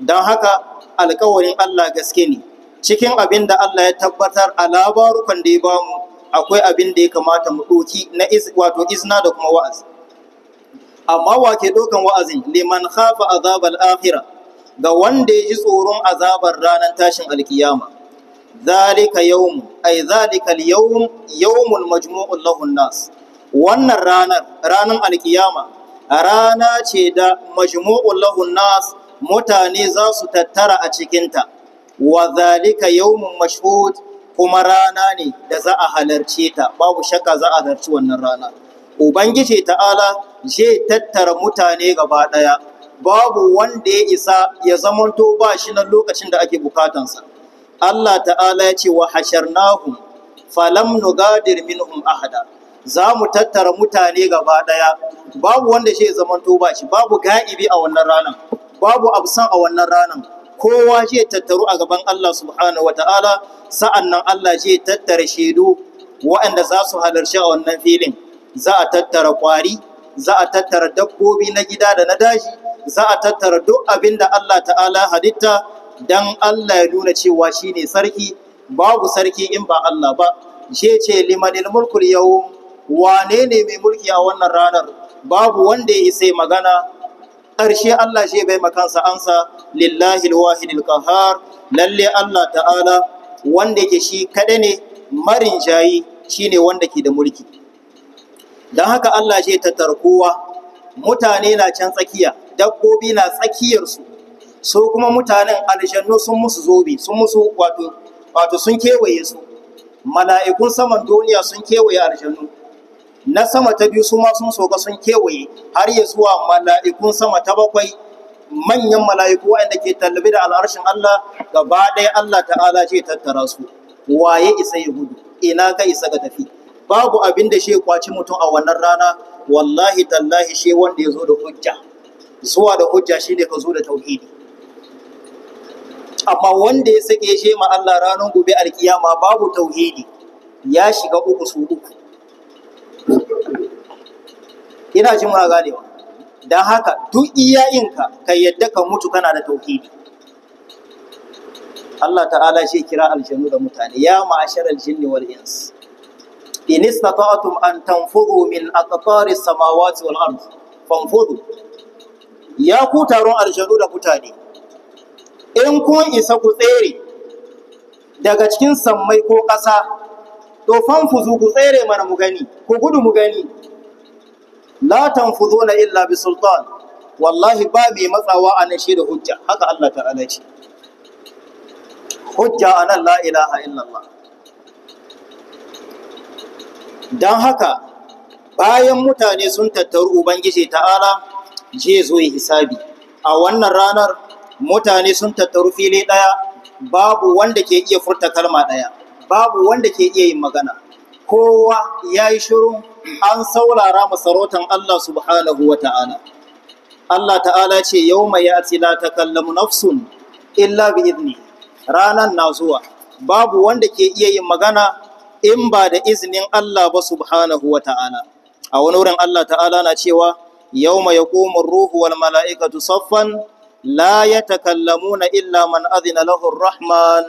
don haka alkawarin Allah gaske ne cikin abin da Allah ya tabbatar a labarukan da ya bamu akwai abin da ya kamata mu ɗoki na wato izna da kuma wa'azi amma wa ke ɗaukan wa'azin liman kafa azabar akhira ga wanda ya ji tsoron azabar ranar tashin alkiyama zalika yawm ay zalika al-yawm yawmul nas wannan ranar ranar alkiyama rana ce da majmu'u lahu nas mutane za su tattara a cikinta wa zalika yawmun mashhud kuma rana ne da za a halarce ta babu shakka za a halarci wannan ranar ubangiji ta'ala zai tattara mutane gaba ɗaya babu wanda ya isa ya zamanto ba shi na lokacin da ake bukatansa Allah ta'ala ya ce wa hasharnahum falam nugadir minhum ahada za mu tattara mutane gaba ɗaya babu wanda shi ya zamanto ba shi babu ga'ibi a wannan ranar babu absan a wannan ranar kowa zai tattaru a gaban Allah subhanahu wa ta'ala sa'annan Allah zai tattara shaidu waɗanda za su halarci a wannan filin za a tattara ƙwari za a tattara dabbobi na gida da na daji za a tattara duk abin da Allah ta'ala halitta don Allah ya nuna cewa shi ne sarki babu sarki in ba Allah ba she ce limanin mulkul yau wane ne mai mulki a wannan ranar babu wanda ya sai magana ƙarshe Allah shi bai makansa ansa lillahi alwahidil qahar lalle Allah ta'ala wanda ke shi kaɗai ne marin jayi shine wanda ke da mulki don haka Allah ce ta tarkowa mutane na can tsakiya dabbobi na tsakiyar su kuma mutanen aljannu sun musu zobe sun musu wato wato sun kewaye su mala'ikun saman duniya sun kewaye aljannu na sama ta biyu su ma sun soka sun kewaye har ya zuwa mala'ikun sama ta bakwai manyan mala'iku wanda ke tallabi da al'arshin Allah gaba ɗaya Allah ta'ala ce tattara su waye isa ya gudu ina ka isa ga tafi babu abin da shi ya kwaci mutum a wannan rana wallahi tallahi shi wanda ya zo da hujja zuwa da hujja shi ne ka zo da tauhidi amma wanda ya sake shi ma Allah ranar gobe alkiyama babu tauhidi ya shiga uku su uku ina jin ma galewa don haka duk iyayenka ka yadda ka mutu kana da tauhidi Allah ta'ala shi kira aljanu da mutane ya ma'ashar aljinni wal insi in istata'tum an tanfudhu min aqtari samawati wal ard fanfudhu ya ku taron aljanu da mutane in kun isa ku tsere daga cikin sammai ko ƙasa to fanfuzu ku tsere mana mu gani ku gudu mu gani la na illa bi sultan wallahi ba mai matsawa a nan shi da hujja haka Allah ta'ala ce hujja anan la ilaha illallah don haka bayan mutane sun tattaru ubangiji ta'ala je zo yi hisabi a wannan ranar mutane sun tattaru fili ɗaya babu wanda ke iya furta kalma ɗaya babu wanda ke iya yin magana kowa ya yi shiru an saurara masarautar Allah subhanahu wa ta'ala Allah ta'ala ce yau mai ya la ta kallamu nafsun illa bi idni ranar na zuwa babu wanda ke iya yin magana in ba da izinin Allah ba subhanahu wa ta'ala a wani wurin Allah ta'ala na cewa yawma yaqumu ruhu wal mala'ikatu saffan la na illa man azina lahu ar-rahman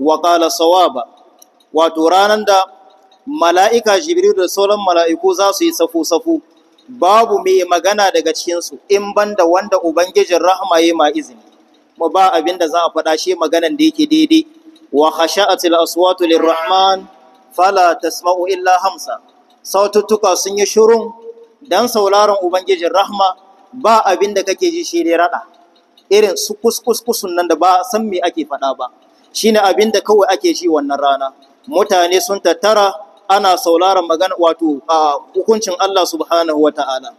wa qala wato ranar da mala'ika jibril da sauran mala'iku za su yi safu safu babu mai magana daga cikinsu in banda wanda ubangijin rahma ya ma izini ba abin da za a faɗa shi maganan da yake daidai wa hasha'atul aswatu lirrahman fala tasma'u illa hamsa saututtuka sun yi shurun dan sauraron ubangijin rahma ba abin da kake ji shi dai rada irin su kuskuskusun nan da ba san me ake faɗa ba shine abin da kawai ake ji wannan rana mutane sun tattara ana sauraron magana wato hukuncin Allah subhanahu wata'ala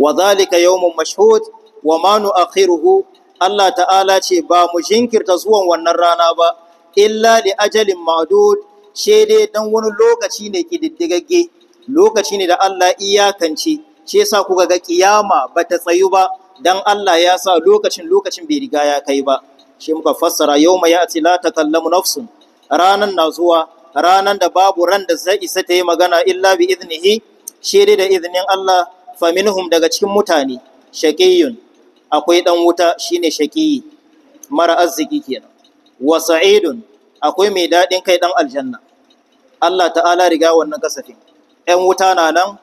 wa zalika yawmun mashhud wa ma nu'akhiruhu Allah ta'ala ce ba mu jinkirta zuwan wannan rana ba illa li ajalin ma'dud she dai dan wani lokaci ne kididdigagge lokaci ne da Allah iyakance shi yasa kuka ga kiyama bata tsayu ba dan Allah ya sa lokacin lokacin bai riga ya kai ba shi muka fassara yawma ya'ti la takallamu nafsun ranan na zuwa ranan da babu ran da zai isa ta yi magana illa bi iznihi shi dai da iznin Allah Fa faminhum daga cikin mutane shaqiyun akwai dan wuta shine shaqiyi mara arziki kenan wa sa'idun akwai mai daɗin kai ɗan aljanna Allah ta'ala riga wannan kasafin ‘yan wuta na nan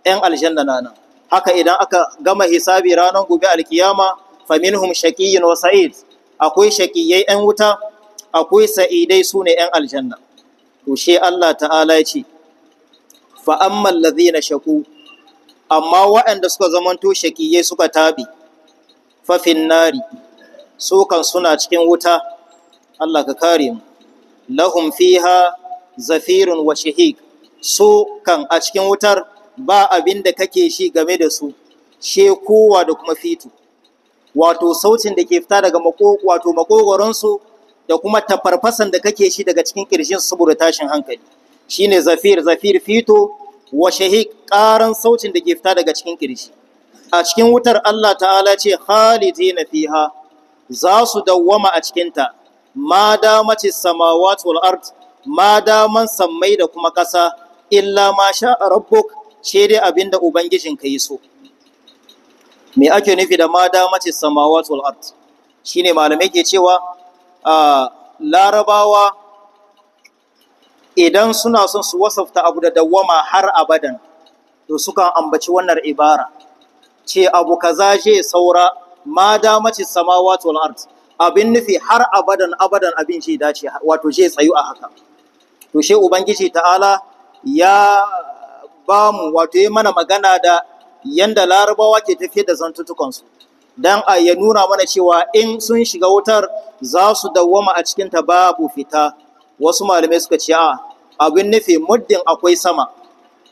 ‘yan aljanna na nan haka idan aka gama hisabi ranar gobe alkiyama faminhum shaqiyin wa sa'id akwai shaƙiyai ‘yan wuta akwai sa'idai su ne ‘yan aljanna to she Allah ta'ala ya ce fa'amman ammal ladhina amma waɗanda suka zamanto shaƙiyai suka tabi fafin finnari su kan suna cikin wuta Allah ka kare mu lahum fiha zafirun wa shahik su kan a cikin wutar ba abin da kake shi game da su she kowa da kuma fitu wato sautin da ke fita daga wato makogoronsu da kuma tafarfasan da kake shi daga cikin kirjin saboda tashin hankali shine zafir zafir fito wa shahik karan sautin da ke fita daga cikin kirji a cikin wutar Allah ta'ala ce khalidina fiha za su dawwama a cikinta, ta ma damatis samawati wal ard ma daman sammai da kuma ƙasa illa ma sha rabbuk dai abinda ubangijin ka yi so me ake nufi da ma damace samawati wal ard shine malamai ke cewa a larabawa idan suna son su wasafta abu da dawwama har abadan to sukan ambaci wannan ibara ce abu kaza je saura ma damace samawati wal ard abin nufi har abadan abadan abin shi dace wato je tsayu a haka to shi ubangiji ta'ala ya ba mu wato yi mana magana da yanda larabawa ke tafiye da zantutukansu don a ya nuna mana cewa in sun shiga wutar za su dawwama a cikinta babu fita wasu malamai suka ce a abin nufi muddin akwai sama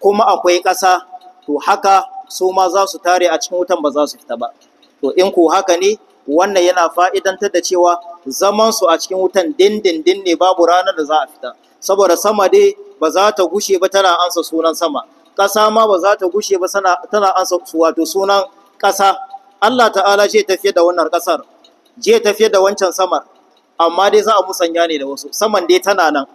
kuma akwai ƙasa to haka su ma za su tare a cikin wutan ba za su fita ba to in ku haka ne wannan yana fa'idantar da cewa zaman su a cikin wutan dindindin ne babu ranar da za a fita saboda sama dai ba za ta gushe ba tana ansa sunan sama ƙasa ma ba za ta gushe ba tana ansa wato sunan ƙasa Allah ta'ala ce tafiye da wannan ƙasar je tafiye da wancan samar amma dai za a musanya ne da wasu saman dai tana nan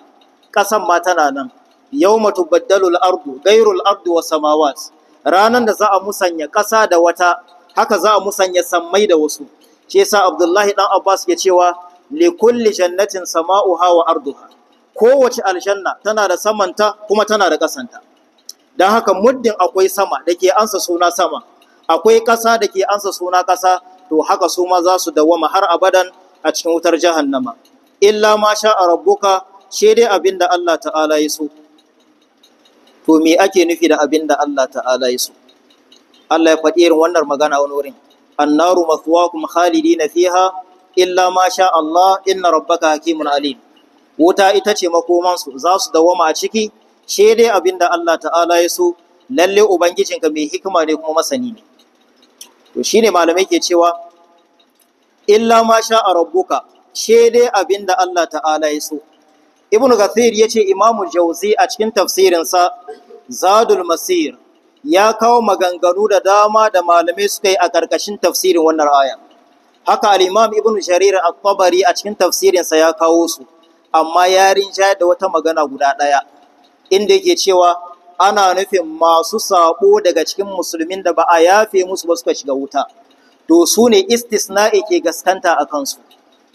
ƙasan ma tana nan yawma tubaddalu al-ardu ghayru al-ardu was samawat ranan da za a musanya ƙasa da wata haka za a musanya sammai da wasu shi yasa Abdullahi dan Abbas ke cewa li kulli jannatin sama'uha wa arduha kowace aljanna tana da samanta kuma tana da kasanta dan haka muddin akwai sama dake ansa suna sama akwai kasa dake ansa suna kasa to haka su ma za su dawama har abadan a cikin wutar jahannama illa ma sha'a rabbuka She dai abinda Allah ta'ala ya so to me ake nufi da abinda Allah ta'ala ya so Allah ya faɗi irin wannan magana wani wurin annaru mathwakum khalidina fiha illa ma sha Allah inna rabbaka hakimun alim wuta ita ce makomansu za su dawama a ciki she dai abinda Allah ta'ala ya so lalle ubangijinka mai hikima ne kuma masani ne to shine malamai ke cewa illa ma sha rabbuka she dai abinda Allah ta'ala ya so ibnu kathir yace imamu jauzi a cikin tafsirin sa zadul masir ya kawo maganganu da dama da malamai suka yi a ƙarƙashin tafsirin wannan aya. Haka al'imam Ibn Jarir al-Tabari a cikin tafsirinsa ya kawo su, amma ya rinja da wata magana guda ɗaya, inda yake cewa ana nufin masu saɓo daga cikin musulmin da ba a yafe musu ba suka shiga wuta, to su ne istisna'i ke gaskanta a kansu.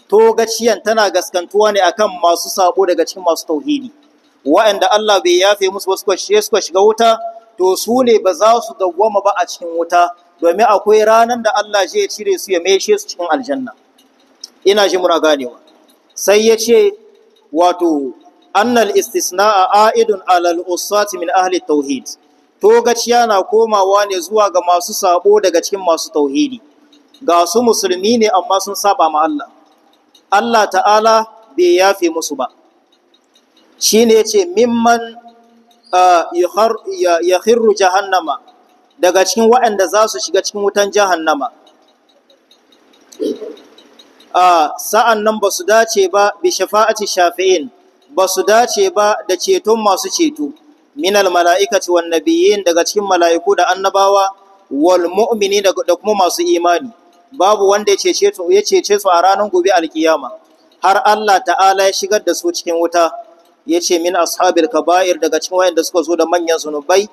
To gaciyan tana gaskantuwa ne akan masu saɓo daga cikin masu tauhidi, wa'anda Allah bai yafe musu ba suka shiga wuta, to su ne ba za su dawwama ba a cikin wuta domin akwai ranar da Allah zai cire su ya meshe su cikin aljanna ina ji muna ganewa sai ya ce wato annal istisna'a a'idun alal usati min ahli tauhid to gaciya na komawa ne zuwa ga masu sabo daga cikin masu tauhidi ga su musulmi ne amma sun saba ma Allah Allah ta'ala bai yafe musu ba shine yace mimman ya hirru jahannama daga cikin waɗanda za su shiga cikin wutan jahannama sa'an nan ba su dace ba bi shafa'ati shafi'in ba su dace ba da ceton masu ceto minal mala'ikaci wan nabiyin daga cikin mala'iku da annabawa wal mu'mini da kuma masu imani babu wanda ya cece su a ranar gobe alkiyama har Allah ta'ala ya shigar da su cikin wuta Ya ce min ashabil kaba'ir daga cikin wayanda suka zo da manyan zunubai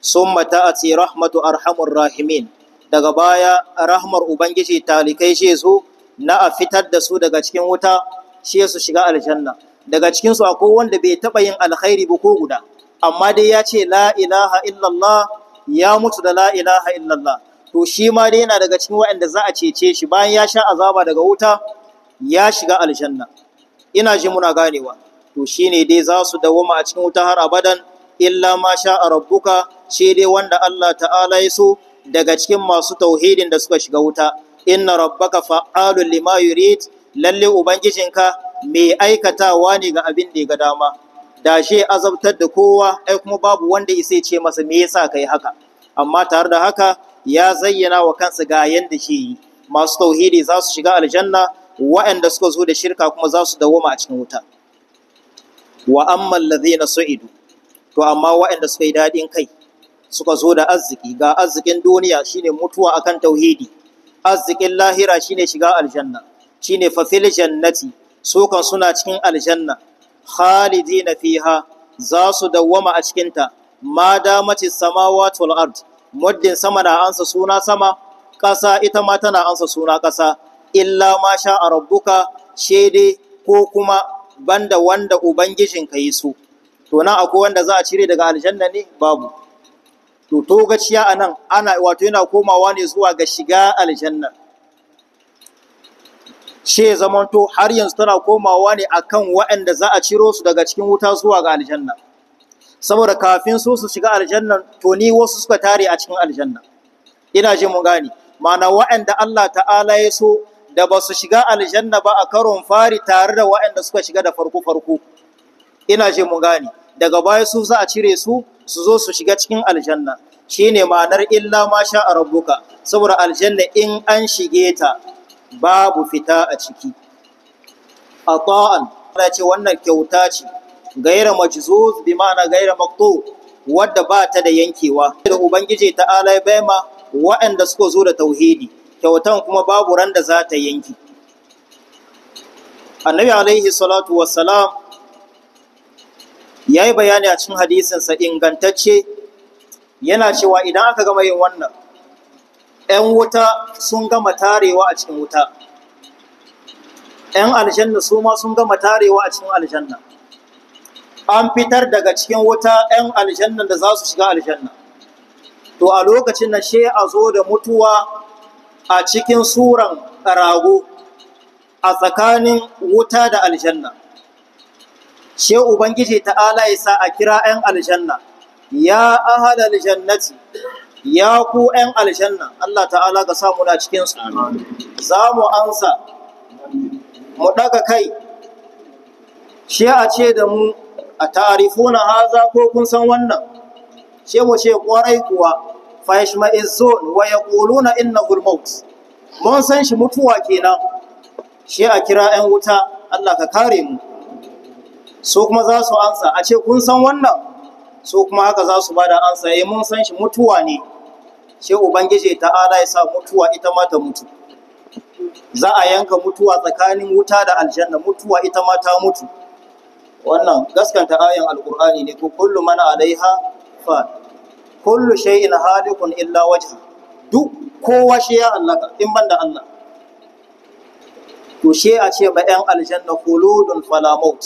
summa ta'ati rahmatu arhamur rahimin daga baya rahmar ubangiji talikai shi su na a fitar da su daga cikin wuta shi su shiga aljanna daga cikinsu su akwai wanda bai taɓa yin alkhairi ba ko guda amma dai ya ce la ilaha illallah ya mutu da la ilaha illallah to shi ma dai yana daga cikin waɗanda za a cece shi bayan ya sha azaba daga wuta ya shiga aljanna ina ji muna ganewa to ne dai za su dawoma a cikin wuta har abadan illa ma a rabbuka shi dai wanda Allah ta'ala ya so daga cikin masu tauhidin da suka shiga wuta inna rabbaka fa'alul lima yurid lalle ubangijinka mai aikatawa ne ga abin da ga dama da shi azabtar da kowa ai kuma babu wanda isai ce masa me yasa kai haka amma tare da haka ya zayyana wa kansa ga yanda shi yi masu tauhidi za su shiga aljanna waɗanda suka zo da shirka kuma za su dawoma a cikin wuta wa ammal su su'idu to amma waɗanda suka yi daɗin kai suka zo da arziki ga arzikin duniya shine mutuwa akan tauhidi arzikin lahira shine shiga aljanna shine fa fil jannati su kan suna cikin aljanna khalidina fiha za su dawwama a cikin ta ma damati samawati ard muddin sama na ansa suna sama ƙasa ita ma tana ansa suna ƙasa illa ma sha a rabbuka shede ko kuma banda wanda ubangijinka yi so to nan akwai wanda za a cire daga aljanna ne babu to to gaciya anan ana wato yana komawa ne zuwa ga shiga aljanna she zamanto har yanzu tana komawa ne akan waɗanda za a ciro su daga cikin wuta zuwa ga aljanna saboda kafin su su shiga aljanna to ni wasu suka tare a cikin aljanna ina ji mun gane ma'ana waɗanda Allah ta'ala ya so da ba su shiga aljanna ba a karon fari tare da waɗanda suka shiga da farko-farko ina je mu gane daga baya su za a cire su su zo su shiga cikin aljanna shine ma'anar illa ma sha a rabbuka saboda aljanna in an shige ta babu fita a ciki a ta'an ana ce wannan kyauta ce gaira majzuz bi ma'ana gaira maqtu wadda ba ta da yankewa da ubangiji ta'ala ya baima waɗanda suka zo da tauhidi kyautan kuma babu ran da za ta yanki annabi alaihi salatu wassalam ya yi bayani a cikin hadisinsa ingantacce yana cewa idan aka gama yin wannan ‘yan wuta sun gama tarewa a cikin wuta ‘yan aljanna su ma sun gama tarewa a cikin aljanna an fitar daga cikin wuta ‘yan aljanna da za su shiga aljanna to a lokacin na she a zo da mutuwa a cikin suran rago a tsakanin wuta da aljanna she ubangiji ta'ala ya sa a kira 'yan aljanna ya ahal aljannati, ya ku 'yan aljanna Allah ta'ala ga samu na cikinsu za mu ansa mu daga kai she a ce da mu a tarifuna haza ko kun san wannan she mu ce kwarai kuwa fa izo wa ya innahu inna maut mun san shi mutuwa kenan shi a kira 'yan wuta Allah ka kare mu so kuma za su ansa a ce kun san wannan so kuma haka za su bada ansa eh mun san shi mutuwa ne shi ubangiji ta'ala ya sa mutuwa ita ma ta mutu za a yanka mutuwa tsakanin wuta da aljanna mutuwa ita ma ta mutu wannan gaskanta ayan alkur'ani ne ko kullu mana alaiha fa kullu shay'in halikun illa wajhu duk kowa shi ya hallaka in banda Allah to shi a ce ba 'yan aljanna khuludun fala maut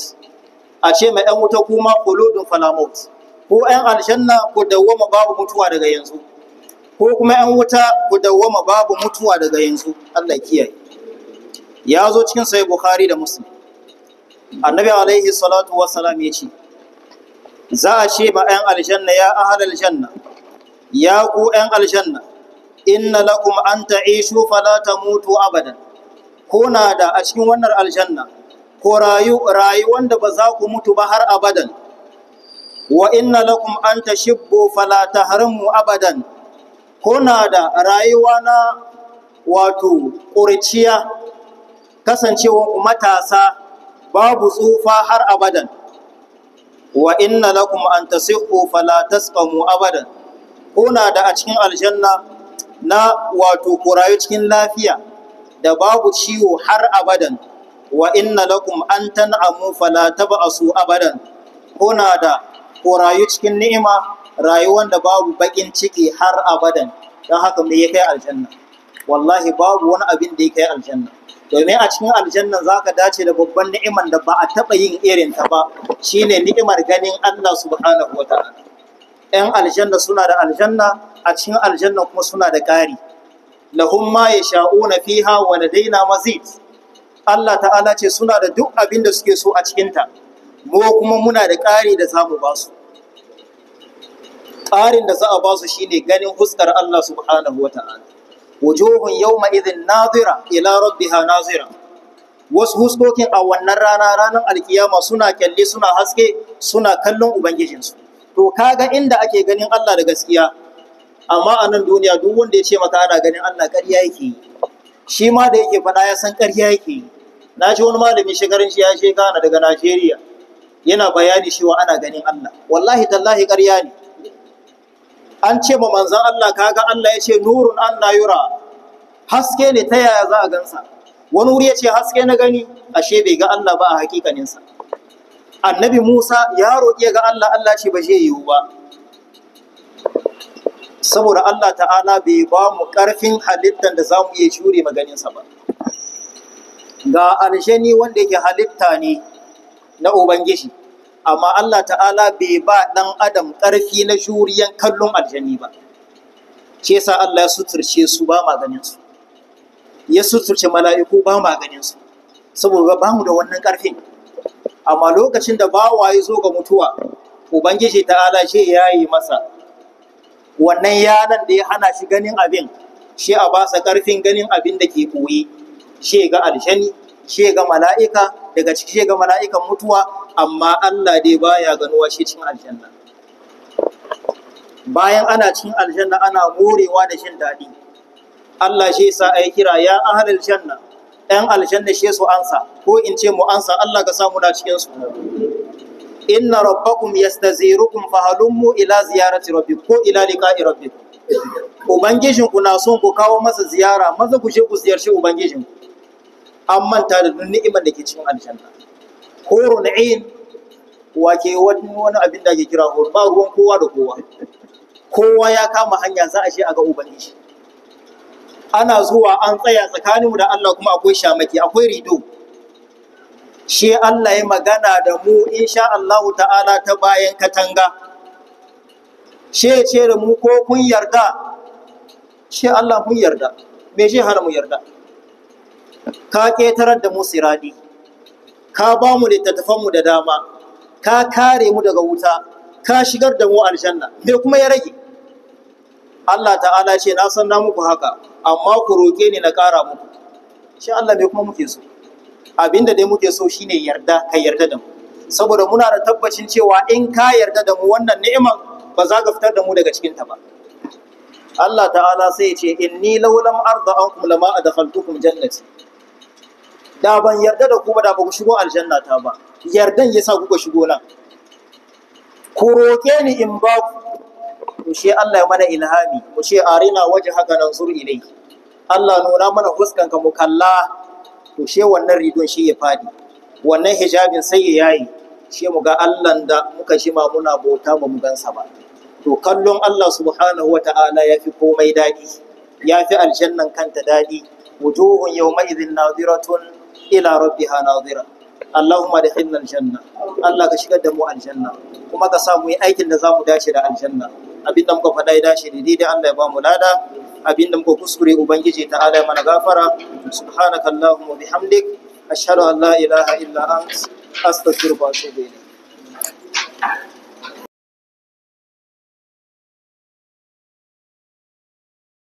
a ce ma ɗan wuta kuma khuludun fala maut ko ɗan aljanna ku dawwama babu mutuwa daga yanzu ko kuma ɗan wuta ku dawwama babu mutuwa daga yanzu Allah kiyaye ya zo cikin sai bukhari da muslim annabi alaihi salatu wassalam ya ce za a ce ba 'yan aljanna ya ahal janna. ya ku ‘yan aljanna, inna lakum an ta'ishu fala falata mutu abadan, na da a cikin wannan aljanna, ko rayu rayuwan da ba za ku mutu ba har abadan, wa inna lakum an ta shibbo falata ta harimu abadan, na da rayuwa na wato ƙurciya kasancewa matasa babu tsufa har abadan. wa inna lakum an tasihhu fala tasqamu abadan kuna da a cikin aljanna na wato kurayu cikin lafiya da babu ciwo har abadan wa inna lakum an tan'amu fala tab'asu abadan kuna da kurayu cikin ni'ima rayuwar da babu bakin ciki har abadan don haka me ya kai aljanna wallahi babu wani abin da ya kai aljanna domin a cikin aljanna za ka dace da babban ni'imar da ba a taɓa yin irin ta ba shine ni'imar ganin Allah subhanahu wa 'yan aljanna suna da aljanna a cikin aljanna kuma suna da ƙari lahum ma yasha'una fiha wa ladaina mazid Allah ta'ala ce suna da duk abin da suke so a cikin ta mu kuma muna da ƙari da zamu ba su ƙarin da za a ba su shine ganin huskar Allah subhanahu wata'ala wujuhun yawma idhin nadira ila rabbiha nazira wasu huskokin a wannan rana ranar alkiyama suna kyalle suna haske suna kallon ubangijinsu to kaga inda ake ganin Allah da gaskiya amma a nan duniya duk wanda ya ce maka ana ganin Allah ƙarya yake shi ma da yake faɗa ya san ƙarya yake na ji wani malami shekarun shi ya she gana daga Najeriya yana bayani shi wa ana ganin Allah wallahi tallahi ƙarya ne an ce ma manzon Allah kaga Allah ya ce nurun anna yura haske ne ta yaya za a gansa wani wuri ya ce haske na gani ashe bai ga Allah ba a hakikaninsa annabi Musa ya roƙi ga Allah Allah ce ba zai yiwu ba saboda Allah ta'ala bai ba mu ƙarfin halittar da za mu iya shure maganinsa ba ga aljani wanda yake halitta ne na ubangiji amma Allah ta'ala bai ba ɗan adam ƙarfi na shuriyan kallon aljani ba ke sa Allah ya suturce su ba maganinsu ya suturce mala'iku ba maganinsu saboda ba mu da wannan ƙarfin amma lokacin da bawa ya zo ga mutuwa ubangiji ta'ala ce ya yi masa wannan yanan da ya hana shi ganin abin shi a ba sa ƙarfin ganin abin da ke koyi shi ga alshani shi ga mala'ika daga ciki shi ga mala'ikan mutuwa amma Allah dai baya ganuwa shi cin aljanna bayan ana cin aljanna ana morewa da shin daɗi Allah shi sa ai kira ya ahlal janna ɗan aljanna shi su ansa ko in ce mu ansa Allah ka samu na cikin su inna rabbakum yastazirukum fahalummu ila ziyarati rabbikum ko ila liqa'i rabbikum ubangijin ku na son ku kawo masa ziyara maza ku je ku ziyarci ubangijin ku an manta da duk ni'imar da ke cikin aljanna hurun ain wake wani wani abin da ake kira hurun ruwan kowa da kowa kowa ya kama hanya za a je a ga ubangiji ana zuwa an tsaya tsakaninmu da Allah kuma akwai shamaki akwai rido shi Allah ya magana da mu insha Allah ta'ala ta bayan katanga shi ya ce da mu ko kun yarda shi Allah kun yarda me shi hana mu yarda ka ƙetarar da mu siradi ka ba mu littattafanmu da dama ka kare mu daga wuta ka shigar da mu aljanna me kuma ya rage Allah ta'ala ce na san na muku haka amma ku roƙe ni na ƙara muku shi Allah mai kuma muke so abinda dai muke so shine yarda ka yarda da mu saboda muna da tabbacin cewa in ka yarda da mu wannan ni'iman ba za ka fitar da mu daga cikinta ta ba Allah ta'ala sai ya ce inni laulam arda ankum lama adkhaltukum jannati da ban yarda da ku ba da ba ku shigo aljanna ta ba yardan yasa kuka shigo nan ku roƙe ni in ba ku to Allah ya mana ilhami mu ce arina waje haka nan zur ilai Allah nuna mana fuskanka mu kalla to she wannan ridon shi ya fadi wannan hijabin sai ya yayi shi mu ga Allah da muka shi ma muna bota ba mu gansa ba to kallon Allah subhanahu wa ya fi komai daɗi ya fi aljannan kanta daɗi wujuhun yawma idhin nadiratun ila rabbiha nadira Allahumma da hinnan Allah ka shigar da mu aljanna kuma ka sa mu yi aikin da za mu dace da aljanna abin da muka faɗa ya dace da daidai Allah ya ba mu lada abin da muka kuskure ubangiji ta ala mana gafara subhanaka allahumma bihamdik ashhadu an la ilaha illa ant astaghfiruka wa atubu ilayk